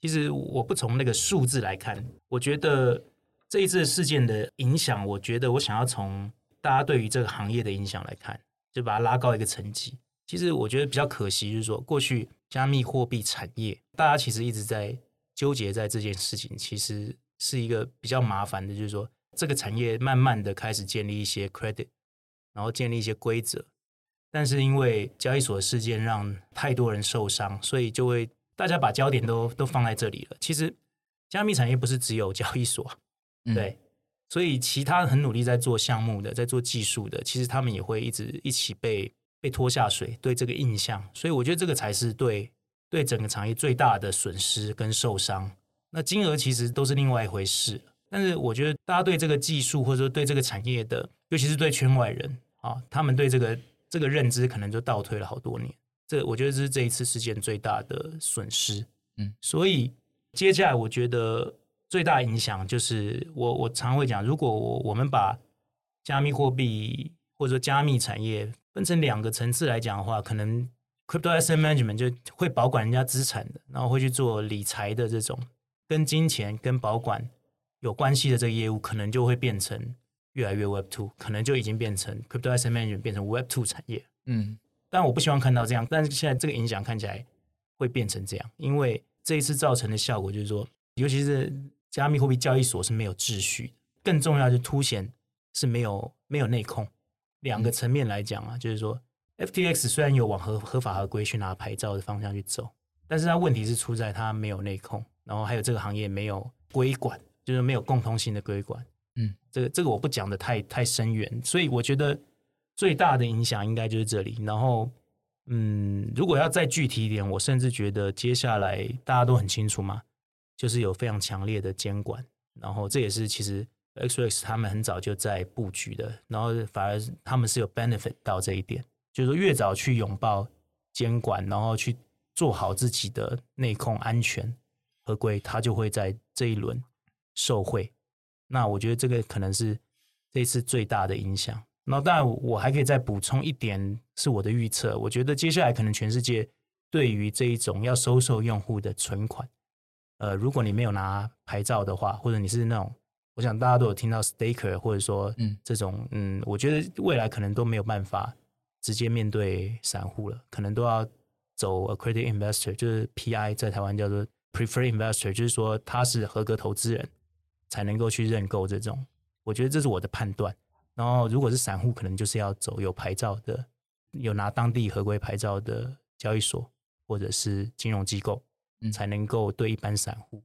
其實我不從那個數字來看，我覺得這一次事件的影響，我覺得我想要從大家對於這個行業的影響來看，就把它拉高一個層級。其實我覺得比較可惜，就是說過去加密貨幣產業大家其實一直在。糾結在這件事情，其實是一個比較麻煩的，就是說這個產業慢慢的開始建立一些 credit，然後建立一些規則，但是因為交易所的事件讓太多人受傷，所以就會大家把焦點都都放在這裡了。其實加密產業不是只有交易所、嗯，對，所以其他很努力在做項目的，在做技術的，其實他們也會一直一起被被拖下水，對這個印象，所以我覺得這個才是對。對整個產業最大的損失跟受傷，那金額其實都是另外一回事。但是我覺得大家對這個技術，或者說對這個產業的，尤其是對圈外人啊，他們對這個這個認知可能就倒退了好多年。這我覺得是這一次事件最大的損失。嗯，所以接下來我覺得最大影響就是我，我我常會講，如果我我們把加密貨幣或者說加密產業分成兩個層次來講的話，可能。Crypto Asset Management 就會保管人家資產的，然後會去做理財的這種跟金錢、跟保管有關係的這個業務，可能就會變成越來越 Web two，可能就已經變成 Crypto Asset Management 變成 Web two 產業。嗯，但我不希望看到這樣，但是現在這個影響看起來會變成這樣，因為這一次造成的效果就是說，尤其是加密貨幣交易所是沒有秩序的，更重要就凸顯是沒有沒有內控，兩個層面來講啊，就是說。FTX 雖然有往合合法合規去拿牌照的方向去走，但是它問題是出在它沒有內控，然後還有這個行業沒有規管，就是沒有共通性的規管。嗯，這個這個我不講的太太深遠，所以我覺得最大的影響應該就是這裡。然後，嗯，如果要再具體一點，我甚至覺得接下來大家都很清楚嘛，就是有非常強烈的監管。然後這也是其實 XREX 他們很早就在布局的，然後反而他們是有 benefit 到這一點。就是說越早去擁抱監管，然後去做好自己的內控、安全合規，它就會在這一輪受惠。那我覺得這個可能是這次最大的影響。那當然，我還可以再補充一點，是我的預測。我覺得接下來可能全世界對於這一種要收受用戶的存款，呃，如果你沒有拿牌照的話，或者你是那種，我想大家都有聽到 staker，或者說嗯這種嗯，嗯，我覺得未來可能都沒有辦法。直接面對散戶了，可能都要走 accredited investor，就是 PI，在台灣叫做 preferred investor，就是說他是合格投資人，才能夠去認購這種。我覺得這是我的判斷。然後如果是散戶，可能就是要走有牌照的，有拿當地合規牌照的交易所或者是金融機構，嗯，才能夠對一般散戶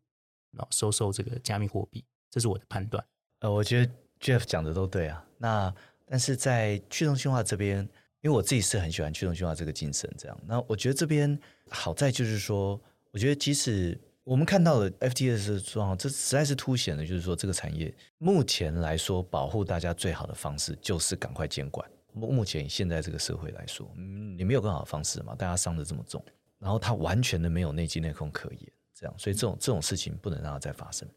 然後收受這個加密貨幣。這是我的判斷。呃，我覺得 Jeff 講的都對啊。那但是在去中心化這邊。因為我自己是很喜歡驅動計劃這個精神，這樣。那我覺得這邊好在就是說，我覺得即使我們看到了 FTX 的狀況，這實在是凸顯了就是說，這個產業目前來說，保護大家最好的方式就是趕快監管。目目前以現在這個社會來說，嗯，你沒有更好的方式嘛？大家傷得這麼重，然後它完全的沒有內稽內控可言，這樣。所以這種這種事情不能讓它再發生。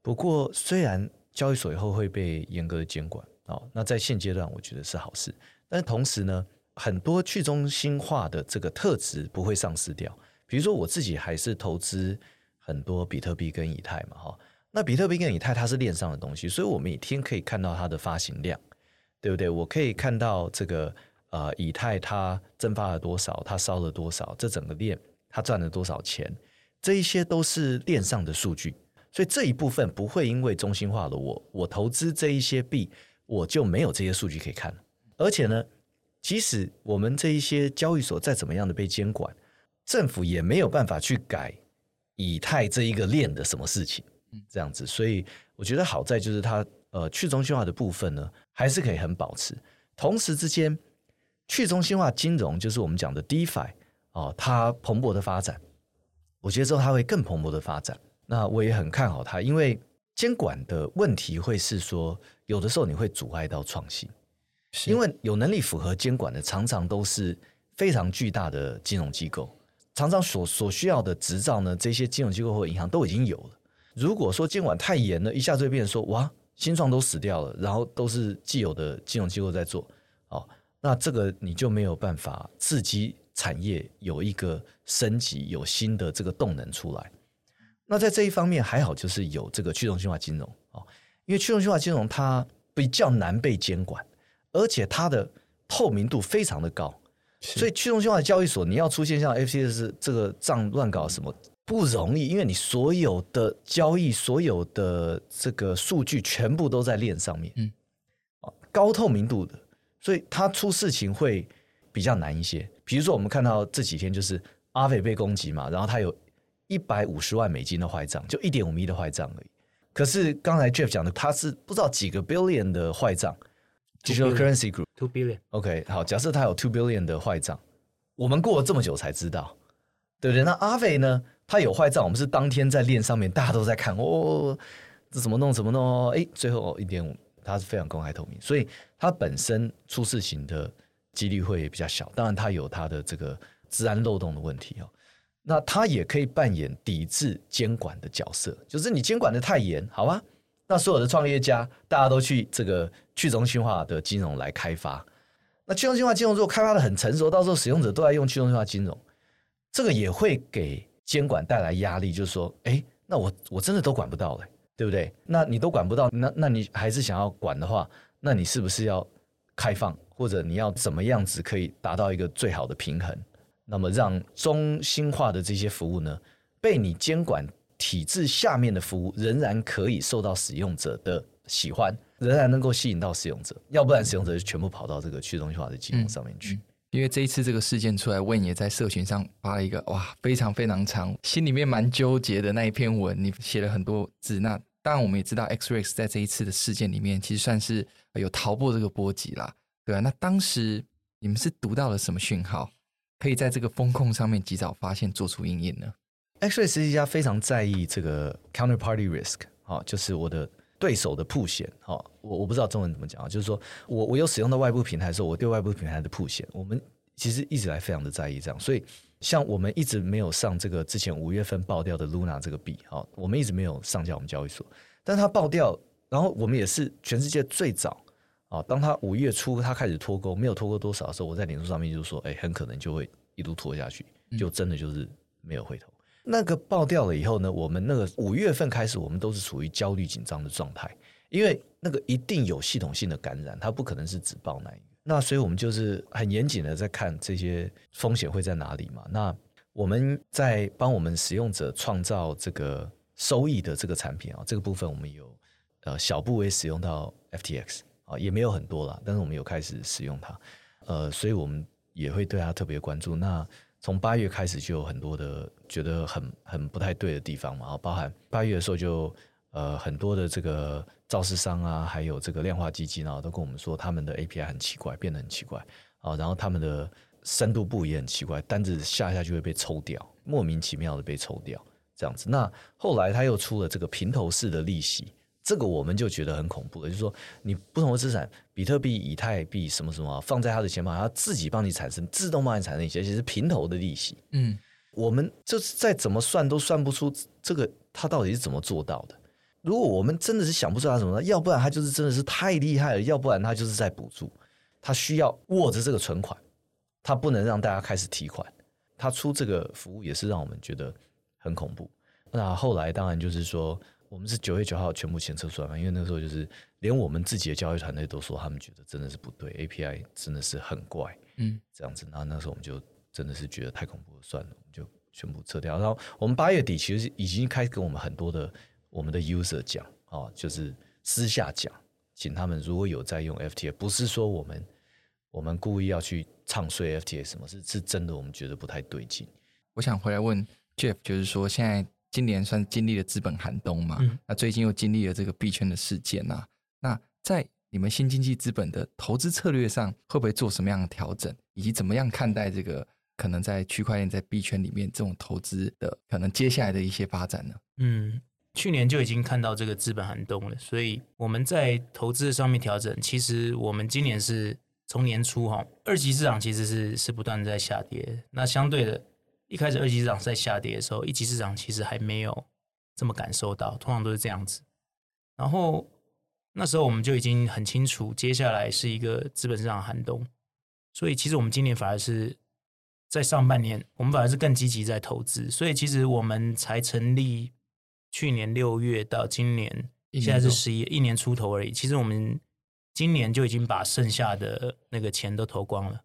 不過，雖然交易所以後會被嚴格的監管，哦，那在現階段我覺得是好事。但同時呢，很多去中心化的這個特質不會喪失掉。比如說，我自己還是投資很多比特幣跟以太嘛，哈。那比特幣跟以太它是鏈上的東西，所以我每天可以看到它的發行量，對不對？我可以看到這個呃，以太它增發了多少，它燒了多少，這整個鏈它賺了多少錢，這一些都是鏈上的數據。所以這一部分不會因為中心化了我，我我投資這一些幣，我就沒有這些數據可以看了。而且呢，即使我們這一些交易所再怎麼樣的被監管，政府也沒有辦法去改以太這一個鏈的什麼事情，這樣子。所以我覺得好在就是它呃去中心化的部分呢，還是可以很保持。同時之間，去中心化金融就是我們講的 DeFi 哦、呃，它蓬勃的發展，我覺得之後它會更蓬勃的發展。那我也很看好它，因為監管的問題會是說，有的時候你會阻礙到創新。因為有能力符合監管的，常常都是非常巨大的金融機構，常常所所需要的執照呢，這些金融機構或銀行都已經有了。如果說監管太嚴了，一下就變成說哇，新創都死掉了，然後都是既有的金融機構在做，哦，那這個你就沒有辦法刺激產業有一個升級，有新的這個動能出來。那在這一方面還好，就是有這個去中心化金融，哦，因為去中心化金融它比較難被監管。而且它的透明度非常的高，所以去中心化的交易所，你要出現像 FTX 這個賬亂搞什麼、嗯、不容易，因為你所有的交易、所有的這個數據全部都在鏈上面，嗯，高透明度的，所以它出事情會比較難一些。比如說我們看到這幾天就是阿菲被攻擊嘛，然後他有一百五十萬美金的壞賬，就一點五億的壞賬而已。可是剛才 Jeff 講的，他是不知道幾個 billion 的壞賬。Digital Currency Group two billion. OK，好，假設他有 two billion 的壞賬，我們過了這麼久才知道。對不對？那 Aave 呢？他有壞賬，我們是當天在鏈上面，大家都在看哦，這怎麼弄？怎麼弄？哎，最後一點五，他是非常公開透明，所以他本身出事情的幾率會比較小。當然，他有他的這個資安漏洞的問題哦。那他也可以扮演抵制監管的角色，就是你監管的太嚴，好吧？那所有的創業家，大家都去這個去中心化的金融來開發。那去中心化金融如果開發得很成熟，到時候使用者都在用去中心化金融，這個也會給監管帶來壓力，就是說，哎，那我我真的都管不到了，對不對？那你都管不到，那那你還是想要管的話，那你是不是要開放，或者你要怎麼樣子可以達到一個最好的平衡？那麼讓中心化的這些服務呢，被你監管？體制下面的服務仍然可以受到使用者的喜歡，仍然能夠吸引到使用者，要不然使用者就全部跑到這個去中心化的金融上面去。嗯嗯。因為這一次這個事件出來，Wayne 也在社群上發了一個哇非常非常長，心裡面蠻糾結的那一篇文，你寫了很多字。那當然我們也知道，XREX 在這一次的事件裡面，其實算是有逃過這個波及啦，對啊，那當時你們是讀到了什麼訊號，可以在這個風控上面及早發現，做出因應呢？Actually，實際上非常在意這個 counterparty risk，哈，就是我的對手的曝險，哈，我我不知道中文怎麼講啊，就是說我我有使用到外部平台的時候，我對外部平台的曝險，我們其實一直來非常的在意這樣，所以像我們一直沒有上這個之前五月份爆掉的 Luna 這個幣，哈，我們一直沒有上架我們交易所，但它爆掉，然後我們也是全世界最早，啊，當它五月初它開始脫鈎，沒有脫鈎多少的時候，我在臉書上面就說，哎、欸，很可能就會一路脫下去，就真的就是沒有回頭。嗯那個爆掉了以後呢，我們那個五月份開始，我們都是處於焦慮緊張的狀態，因為那個一定有系統性的感染，它不可能是只爆那一個。那所以我們就是很嚴謹的在看這些風險會在哪裡嘛。那我們在幫我們使用者創造這個收益的這個產品啊、哦，這個部分我們有呃小部位使用到 FTX 啊、哦，也沒有很多啦，但是我們有開始使用它，呃，所以我們也會對它特別關注。那從八月開始就有很多的覺得很很不太對的地方嘛，然後包含八月的時候就呃很多的這個造市商啊，還有這個量化基金，啊，都跟我們說他們的 API 很奇怪，變得很奇怪啊，然後他們的深度步也很奇怪，單子下下就會被抽掉，莫名其妙的被抽掉這樣子。那後來他又出了這個平頭式的利息。這個我們就覺得很恐怖的，就是說你不同的資產，比特幣、以太幣什麼什麼，放在他的錢包，他自己幫你產生自動幫你產生一些，其實是平頭的利息。嗯，我們就是再怎麼算都算不出這個他到底是怎麼做到的。如果我們真的是想不出來怎麼辦，要不然他就是真的是太厲害了，要不然他就是在補助，他需要握着這個存款，他不能讓大家開始提款，他出這個服務也是讓我們覺得很恐怖。那後來當然就是說。我們是九月九號全部錢撤出來，因為那時候就是連我們自己的交易團隊都說他們覺得真的是不對，API 真的是很怪，嗯，這樣子。然後那時候我們就真的是覺得太恐怖了，算了，我們就全部撤掉。然後我們八月底其實已經開始跟我們很多的我們的 user 講啊、哦，就是私下講，請他們如果有在用 FTX，不是說我們我們故意要去唱衰 FTX 什麼，是是真的，我們覺得不太對勁。我想回來問 Jeff，就是說現在。今年算經歷了資本寒冬嘛、嗯？那最近又經歷了這個幣圈的事件吶、啊。那在你們新經濟資本的投資策略上，會不會做什麼樣的調整？以及怎麼樣看待這個可能在區塊鏈在幣圈裡面這種投資的可能接下來的一些發展呢？嗯，去年就已經看到這個資本寒冬了，所以我們在投資上面調整。其實我們今年是從年初哈二級市場其實是是不斷在下跌，那相對的。一開始二級市場在下跌的時候，一級市場其實還沒有這麼感受到，通常都是這樣子。然後那時候我們就已經很清楚，接下來是一個資本市場的寒冬。所以其實我們今年反而是，在上半年我們反而是更積極在投資。所以其實我們才成立，去年六月到今年現在是十一，一年出頭而已。其實我們今年就已經把剩下的那個錢都投光了。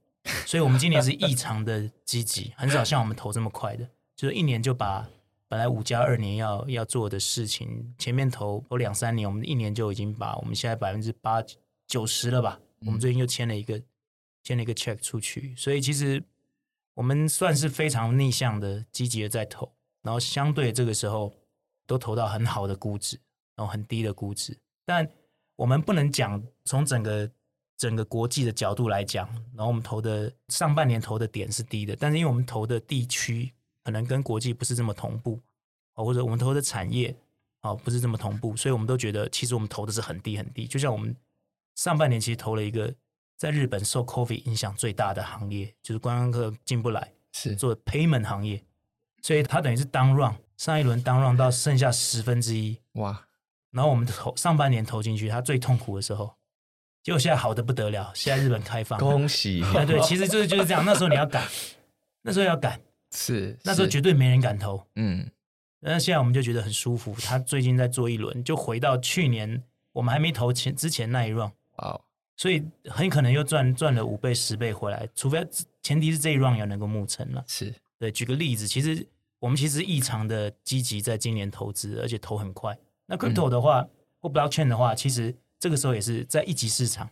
所以，我們今年是異常的積極， (laughs) 很少像我們投這麼快的，就是一年就把本來五加二年要要做的事情，前面投有兩三年，我們一年就已經把我們現在百分之八九十了吧？我們最近又簽了一個、嗯、簽了一個 check 出去，所以其實我們算是非常逆向的積極的在投，然後相對這個時候都投到很好的估值，然後很低的估值，但我們不能講從整個。整個國際的角度來講，然後我們投的上半年投的點是低的，但是因為我們投的地區可能跟國際不是這麼同步啊，或者我們投的產業啊、哦、不是這麼同步，所以我們都覺得其實我們投的是很低很低。就像我們上半年其實投了一個在日本受 COVID 影響最大的行業，就是觀光客進不來，是做 payment 行業，所以它等於是 down run 上一輪 down run 到剩下十分之一哇，然後我們投上半年投進去，它最痛苦的時候。結果現在好得不得了，現在日本開放，恭喜！對對，其實就是就是這樣。那時候你要敢， (laughs) 那時候要敢，是，是那時候絕對沒人敢投。嗯，那現在我們就覺得很舒服。他最近在做一輪，就回到去年我們還沒投前之前那一輪，哦，所以很可能又賺賺了五倍、十倍回來。除非前提是這一輪要能夠募成了。是對，舉個例子，其實我們其實異常的積極，在今年投資，而且投很快。那 crypto 的話、嗯、或 blockchain 的話，其實。這個時候也是在一級市場，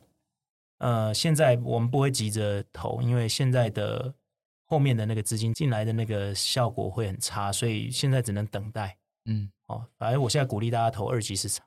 呃，現在我們不會急着投，因為現在的後面的那個資金進來的那個效果會很差，所以現在只能等待。嗯，哦，反正我現在鼓勵大家投二級市場，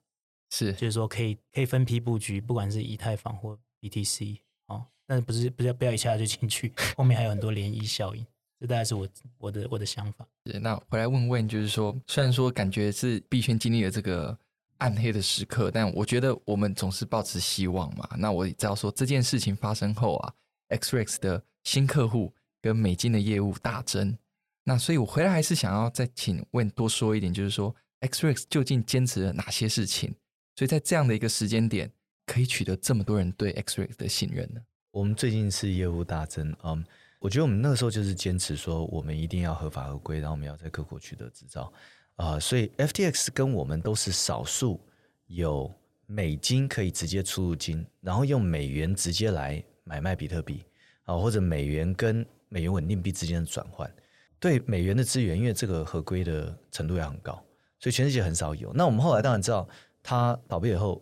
是，就是說可以可以分批布局，不管是以太坊或 BTC，哦，但是不是不要不要一下子就進去，後面還有很多漣漪效應，這 (laughs) 大概是我我的我的想法。是，那我回來問問，就是說，雖然說感覺是必須經歷了這個，暗黑的時刻，但我覺得我們總是抱持希望嘛。那我也知道說這件事情發生後啊，XREX 的新客戶跟美金的業務大增。那所以，我回來還是想要再請問多說一點，就是說 XREX 究竟堅持了哪些事情？所以在這樣的一個時間點，可以取得這麼多人對 XREX 的信任呢？我們最近是業務大增啊，um, 我覺得我們那時候就是堅持說，我們一定要合法合規，然後我們要在各國取得執照。啊，所以 FTX 跟我們都是少數有美金可以直接出入金，然後用美元直接來買賣比特幣，啊，或者美元跟美元穩定幣之間的轉換，對美元的資源，因為這個合規的程度也很高，所以全世界很少有。那我們後來當然知道他倒閉以後，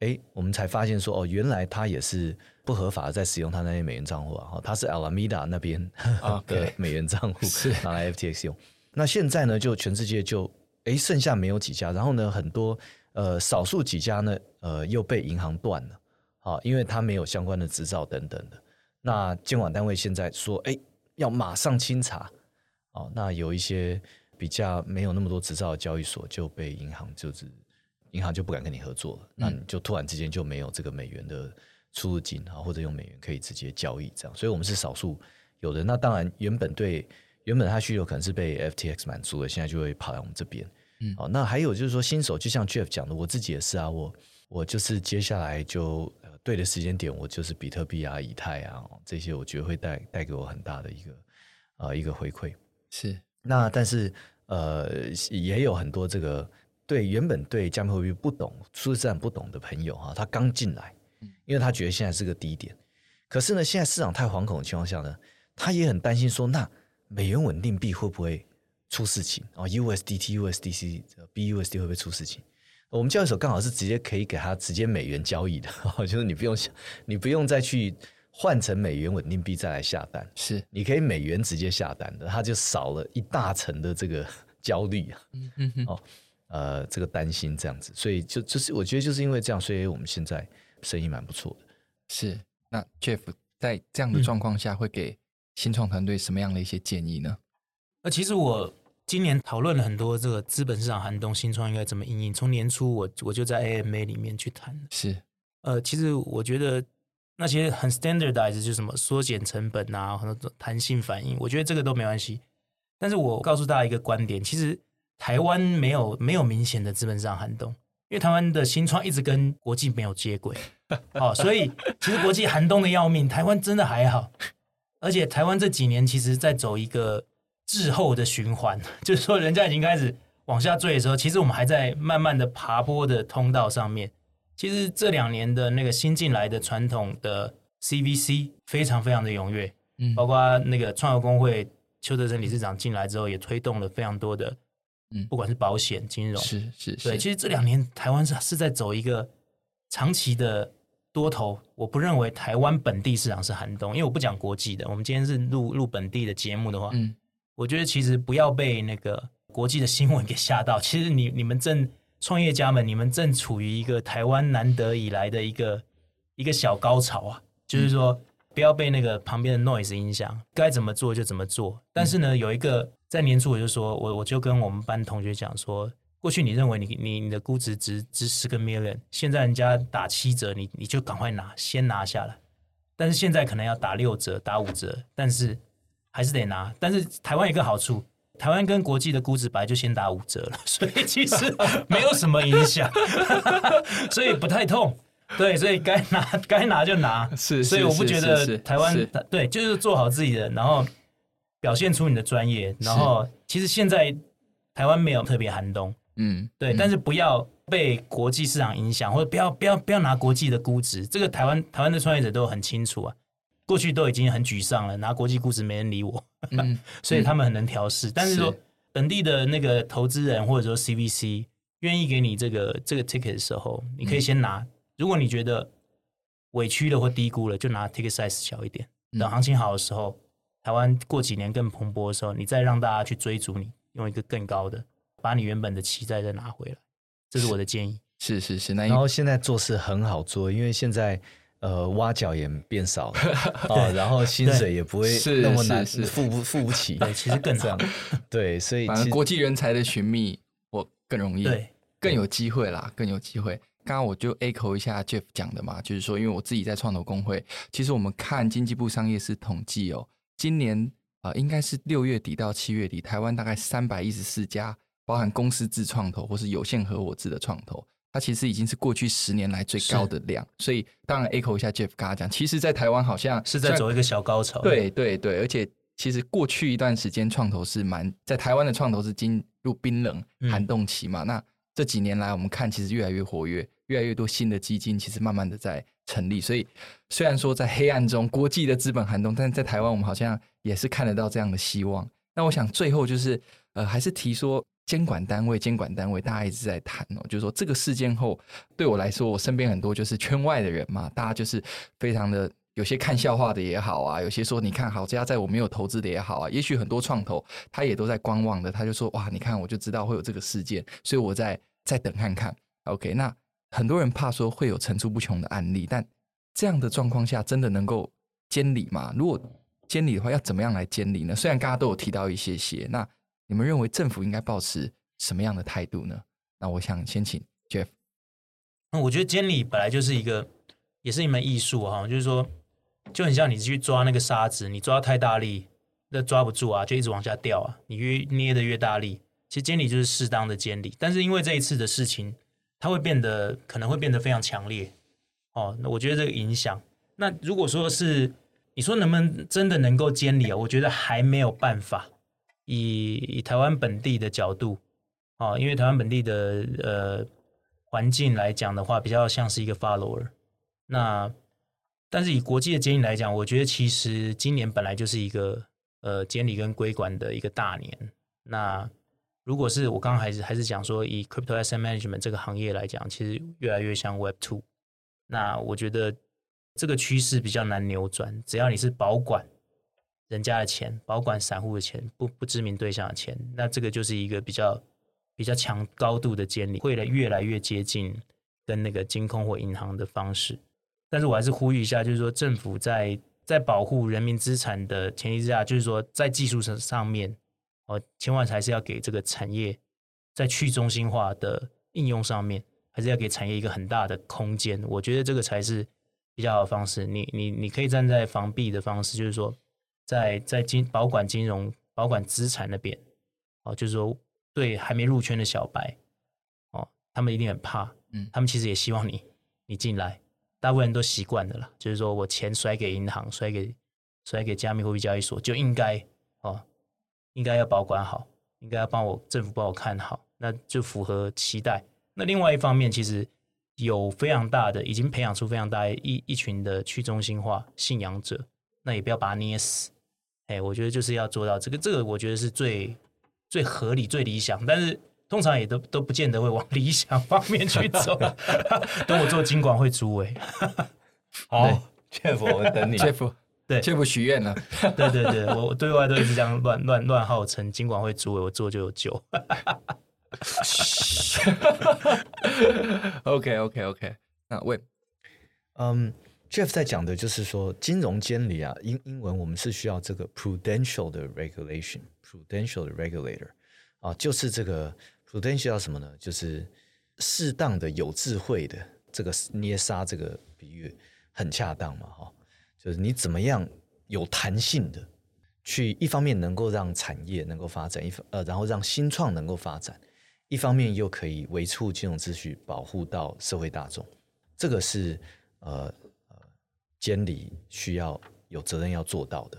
誒，我們才發現說，哦，原來他也是不合法的在使用他那些美元賬戶啊，哦、他是 Alameda 那邊、okay. (laughs) 的美元賬戶是拿來 FTX 用， (laughs) 那現在呢，就全世界就。誒、欸，剩下沒有幾家，然後呢，很多呃，少數幾家呢，呃，又被銀行斷了，啊，因為它沒有相關的執照等等的。那監管單位現在說，哎、欸，要馬上清查，哦、啊，那有一些比較沒有那麼多執照的交易所就被銀行就是銀行就不敢跟你合作了，嗯，那你就突然之間就沒有這個美元的出入金啊，或者用美元可以直接交易這樣。所以，我們是少數有的。那當然原本對，原本對原本它需求可能是被 FTX 滿足的，現在就會跑來我們這邊。嗯、哦，那還有就是說，新手就像 Jeff 講的，我自己也是啊，我我就是接下來就、呃、對的時間點，我就是比特幣啊、以太啊、哦、這些，我覺得會帶帶給我很大的一個、呃、一個回饋。是，那但是呃，也有很多這個對原本對加密貨幣不懂、數字資產不懂的朋友哈、啊，他剛進來，因為他覺得現在是個低點，可是呢，現在市場太惶恐的情況下呢，他也很擔心說，那美元穩定幣會不會？出事情哦，USDT、USDC、BUSD 會不會出事情？我們交易所剛好是直接可以給他直接美元交易的， (laughs) 就是你不用想，你不用再去換成美元穩定幣再來下單，是你可以美元直接下單的，他就少了一大層的這個焦慮啊，嗯 (laughs) 嗯哦，呃，這個擔心這樣子，所以就就是我覺得就是因為這樣，所以我們現在生意蠻不錯的。是那 Jeff 在這樣的狀況下、嗯，會給新創團隊什麼樣的一些建議呢？那、呃、其實我。今年討論了很多這個資本市場寒冬，新創應該怎麼應對。從年初我我就在 AMA 裡面去談，是呃，其實我覺得那些很 standardized，就是什麼縮減成本啊，很多彈性反應，我覺得這個都沒關係。但是我告訴大家一個觀點，其實台灣沒有沒有明顯的資本市場寒冬，因為台灣的新創一直跟國際沒有接軌，哦，所以其實國際寒冬得要命，台灣真的還好。而且台灣這幾年其實在走一個。滯後的循環，就是說，人家已經開始往下墜的時候，其實我們還在慢慢的爬坡的通道上面。其實這兩年的那個新進來的傳統的 CVC 非常非常的踴躍，嗯，包括那個創投公會邱德成理事長進來之後，也推動了非常多的，嗯，不管是保險金融是是，是對，其實這兩年台灣是是在走一個長期的多頭。我不認為台灣本地市場是寒冬，因為我不講國際的，我們今天是錄錄本地的節目的話，嗯。我覺得其實不要被那個國際的新聞給嚇到。其實你你們正創業家們，你們正處於一個台灣難得以來的一個一個小高潮啊！就是說，不要被那個旁邊的 noise 影響，該怎麼做就怎麼做。但是呢，有一個在年初我就說我我就跟我們班同學講說，過去你認為你你你的估值值值十個 million，現在人家打七折，你你就趕快拿先拿下來。但是現在可能要打六折，打五折，但是。還是得拿，但是台灣有一個好處，台灣跟國際的估值本來就先打五折了，所以其實沒有什麼影響， (laughs) (laughs) 所以不太痛。對，所以該拿該拿就拿。是，是，所以我不覺得台灣對，就是做好自己的，然後表現出你的專業，然後表現出你的專業。然後其實現在台灣沒有特別寒冬，嗯，對。嗯，但是不要被國際市場影響，或者不要不要不要拿國際的估值。這個台灣台灣的創業者都很清楚啊。過去都已經很沮喪了，拿國際估值，沒人理我，嗯、 (laughs) 所以他們很能調試。嗯、但是說本地的那個投資人或者說 CVC 願意給你這個這個 ticket 的時候，你可以先拿，嗯。如果你覺得委屈了或低估了，就拿 ticket size 小一點。等行情好的時候，嗯，台灣過幾年更蓬勃的時候，你再讓大家去追逐你，用一個更高的，把你原本的期待再拿回來。這是我的建議。是是，是是，那然後現在做事很好做，因為現在。呃，挖角也變少了、 (laughs) 哦、然後薪水也不會那麼難，是,是付不付不起。 (laughs) 對，其實更這樣， (laughs) 對，所以反正國際人才的尋覓，我更容易，對，更有機會啦，更有機會。剛剛我就 echo 一下 Jeff 講的嘛，就是說，因為我自己在創投公會，其實我們看經濟部商業司統計哦，今年啊、呃，應該是六月底到七月底，台灣大概三百一十四家，包含公司制創投或是有限合夥制的創投。它其實已經是過去十年來最高的量，所以當然 echo 一下 Jeff 剛剛講，其實，在台灣好像是在，是在走一個小高潮。對對對，而且其實過去一段時間，創投是蠻在台灣的創投是進入冰冷寒冬期嘛、嗯。那這幾年來，我們看其實越來越活躍，越來越多新的基金其實慢慢的在成立。所以雖然說在黑暗中，國際的資本寒冬，但是在台灣我們好像也是看得到這樣的希望。那我想最後就是呃，還是提說。監管單位，監管單位，大家一直在談哦，就是說這個事件後，對我來說，我身邊很多就是圈外的人嘛，大家就是非常的有些看笑話的也好啊，有些說你看好這家，在我沒有投資的也好啊，也許很多創投他也都在觀望的，他就說哇，你看我就知道會有這個事件，所以我再再等看看。OK，那很多人怕說會有層出不窮的案例，但這樣的狀況下，真的能夠監理嗎？如果監理的話，要怎麼樣來監理呢？雖然大家都有提到一些些那。你們認為政府應該抱持什麼樣的態度呢？那我想先請 Jeff。那我覺得監理本來就是一個，也是一門藝術哈、哦，就是說，就很像你去抓那個沙子，你抓太大力，那抓不住啊，就一直往下掉啊。你越捏得越大力，其實監理就是適當的監理。但是因為這一次的事情，它會變得可能會變得非常強烈哦。那我覺得這個影響。那如果說是你說能不能真的能夠監理啊？我覺得還沒有辦法。以以台灣本地的角度，啊、哦，因為台灣本地的呃環境來講的話，比較像是一個 follower 那。那但是以國際的建議來講，我覺得其實今年本來就是一個呃監理跟規管的一個大年。那如果是我剛剛還是還是講說，以 Crypto Asset Management 這個行業來講，其實越來越像 web two。那我覺得這個趨勢比較難扭轉，只要你是保管人家的錢、保管散戶的錢、不不知名對象的錢，那這個就是一個比較比較強高度的監理，會來越來越接近跟那個金控或銀行的方式。但是我還是呼籲一下，就是說政府在在保護人民資產的前提之下，就是說在技術上上面，哦，千萬還是要給這個產業在去中心化的應用上面，還是要給產業一個很大的空間。我覺得這個才是比較好的方式。你你你可以站在防避的方式，就是說。在在金保管金融保管資產那邊哦，就是說對還沒入圈的小白哦，他們一定很怕，嗯，他們其實也希望你你進來，大部分人都習慣的啦，就是說我錢甩給銀行，甩給甩給加密貨幣交易所就應該哦，應該要保管好，應該要幫我政府幫我看好，那就符合期待。那另外一方面，其實有非常大的，已經培養出非常大的一一群的去中心化信仰者，那也不要把它捏死。Hey, 我覺得就是要做到這個，這個我覺得是最最合理、最理想，但是通常也都都不見得會往理想方面去走。 (laughs) 等我做金管會主委， (laughs) 好，Jeff，我等你。 (laughs) Jeff，對，Jeff 許願了，對對對，我對外都一直這樣亂亂亂號稱金管會主委，我做就有救。OK，OK，OK，那喂，嗯。Jeff 在講的就是說，金融監理啊，英英文我們是需要這個 prudential 的 regulation，prudential 的 regulator 啊，就是這個 prudential 要什麼呢？就是適當的、有智慧的。這個捏沙這個比喻很恰當嘛，哈、哦，就是你怎麼樣有彈性的去一方面能夠讓產業能夠發展，一呃，然後讓新創能夠發展，一方面又可以維持金融秩序，保護到社會大眾。這個是呃。監理需要有責任要做到的。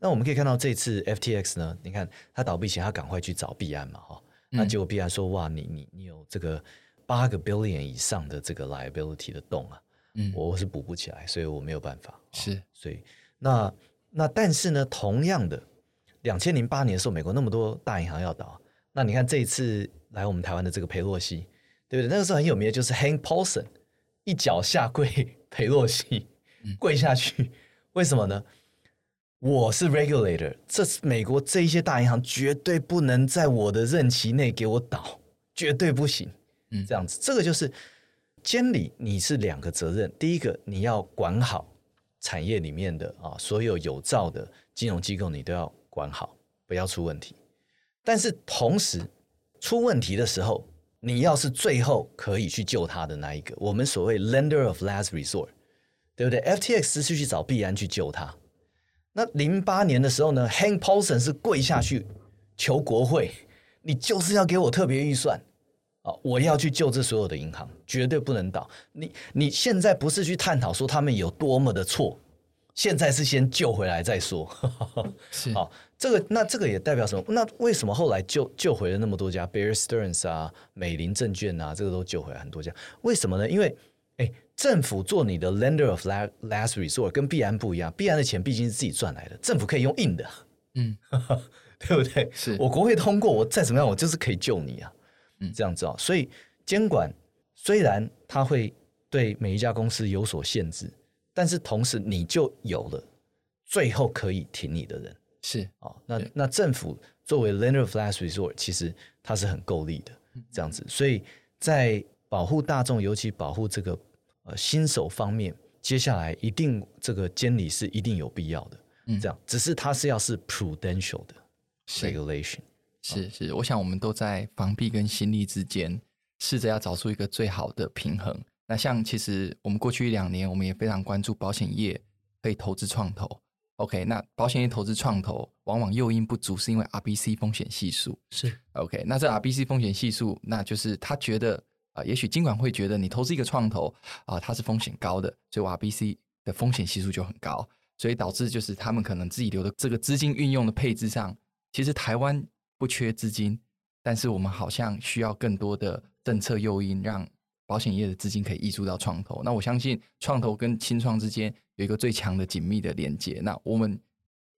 那我們可以看到，這次 F T X 呢，你看他倒閉前，他趕快去找 B 案嘛，哈、嗯。那結果 B 案說：哇，你你你有這個八個 billion 以上的這個 liability 的洞啊、嗯，我是補不起來，所以我沒有辦法。是，所以那那但是呢，同樣的，兩千零八年的時候，美國那麼多大銀行要倒，那你看這一次來我們台灣的這個佩洛西，對不對？那個時候很有名的就是 h a n k Paulson 一腳下跪佩洛西。跪下去，為什麼呢？我是 regulator，這是美國這一些大銀行絕對不能在我的任期內給我倒，絕對不行。嗯，這樣子，這個就是監理，你是兩個責任。第一個，你要管好產業裡面的啊，所有有照的金融機構，你都要管好，不要出問題。但是同時出問題的時候，你要是最後可以去救他的那一個，我們所謂 lender of last resort。對不對？FTX 是去找幣安去救他。那零八年的時候呢，Hank Paulson 是跪下去求國會，你就是要給我特別預算啊、哦！我要去救這所有的銀行，絕對不能倒。你你現在不是去探討說他們有多麼的錯，現在是先救回來再說。是啊、哦，這個那這個也代表什麼？那為什麼後來救救回了那麼多家 Bear Stearns 啊、美林證券啊，這個都救回來很多家？為什麼呢？因為哎。誒政府做你的 lender of last resort 跟幣安不一樣，幣安的錢畢竟是自己賺來的，政府可以用印的，嗯呵呵，對不對？是，我國會通過，我再怎麼樣，我就是可以救你啊，嗯，這樣子啊、哦，所以監管雖然它會對每一家公司有所限制，但是同時你就有了最後可以挺你的人，是啊、哦，那那政府作為 lender of last resort，其實它是很夠力的，這樣子，所以在保護大眾，尤其保護這個。呃、新手方面，接下來一定這個監理是一定有必要的。嗯，這樣只是它是要是 prudential 的 regulation 是是，是，我想我們都在防弊跟心力之間試着要找出一個最好的平衡。嗯、那像其實我們過去一兩年，我們也非常關注保險業可以投資創投。OK，那保險業投資創投，往往誘因不足，是因為 RBC 風險係數是 OK。那這 RBC 風險係數，那就是他覺得。啊，也許儘管會覺得你投資一個創投啊，它是風險高的，所以 RBC 的風險係數就很高，所以導致就是他們可能自己留的這個資金運用的配置上，其實台灣不缺資金，但是我們好像需要更多的政策誘因，讓保險業的資金可以溢出到創投。那我相信創投跟新創之間有一個最強的緊密的連接。那我們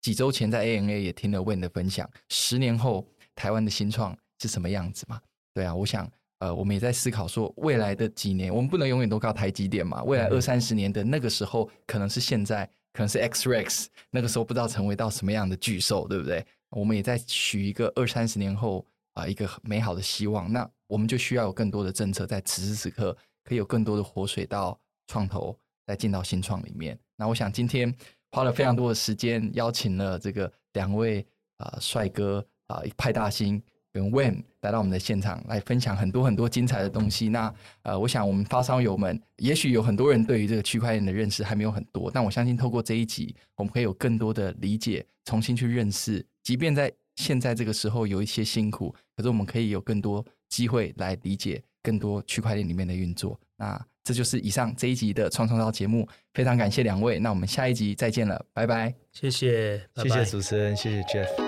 幾週前在 ANA 也聽了 Wayne 的分享，十年後台灣的新創是什麼樣子嘛？對啊，我想。呃，我們也在思考說，未來的幾年，我們不能永遠都靠台積電嘛。未來二三十年的那個時候，可能是現在，可能是 XREX，那個時候不知道成為到什麼樣的巨獸，對不對？我們也在許一個二三十年後啊、呃，一個美好的希望。那我們就需要有更多的政策，在此時此刻，可以有更多的活水到創投，再進到新創裡面。那我想今天花了非常多的時間，邀請了這個兩位啊帥、呃、哥啊、呃，派大星跟 Wayne。比如 Wayne，來到我們的現場來分享很多很多精彩的東西。那呃，我想我們發燒友們也許有很多人對於這個區塊鏈的認識還沒有很多，但我相信透過這一集，我們可以有更多的理解，重新去認識。即便在現在這個時候有一些辛苦，可是我們可以有更多機會來理解更多區塊鏈裡面的運作。那這就是以上這一集的創創燒節目，非常感謝兩位。那我們下一集再見了，拜拜，謝謝，拜拜。謝謝主持人，謝謝 Jeff。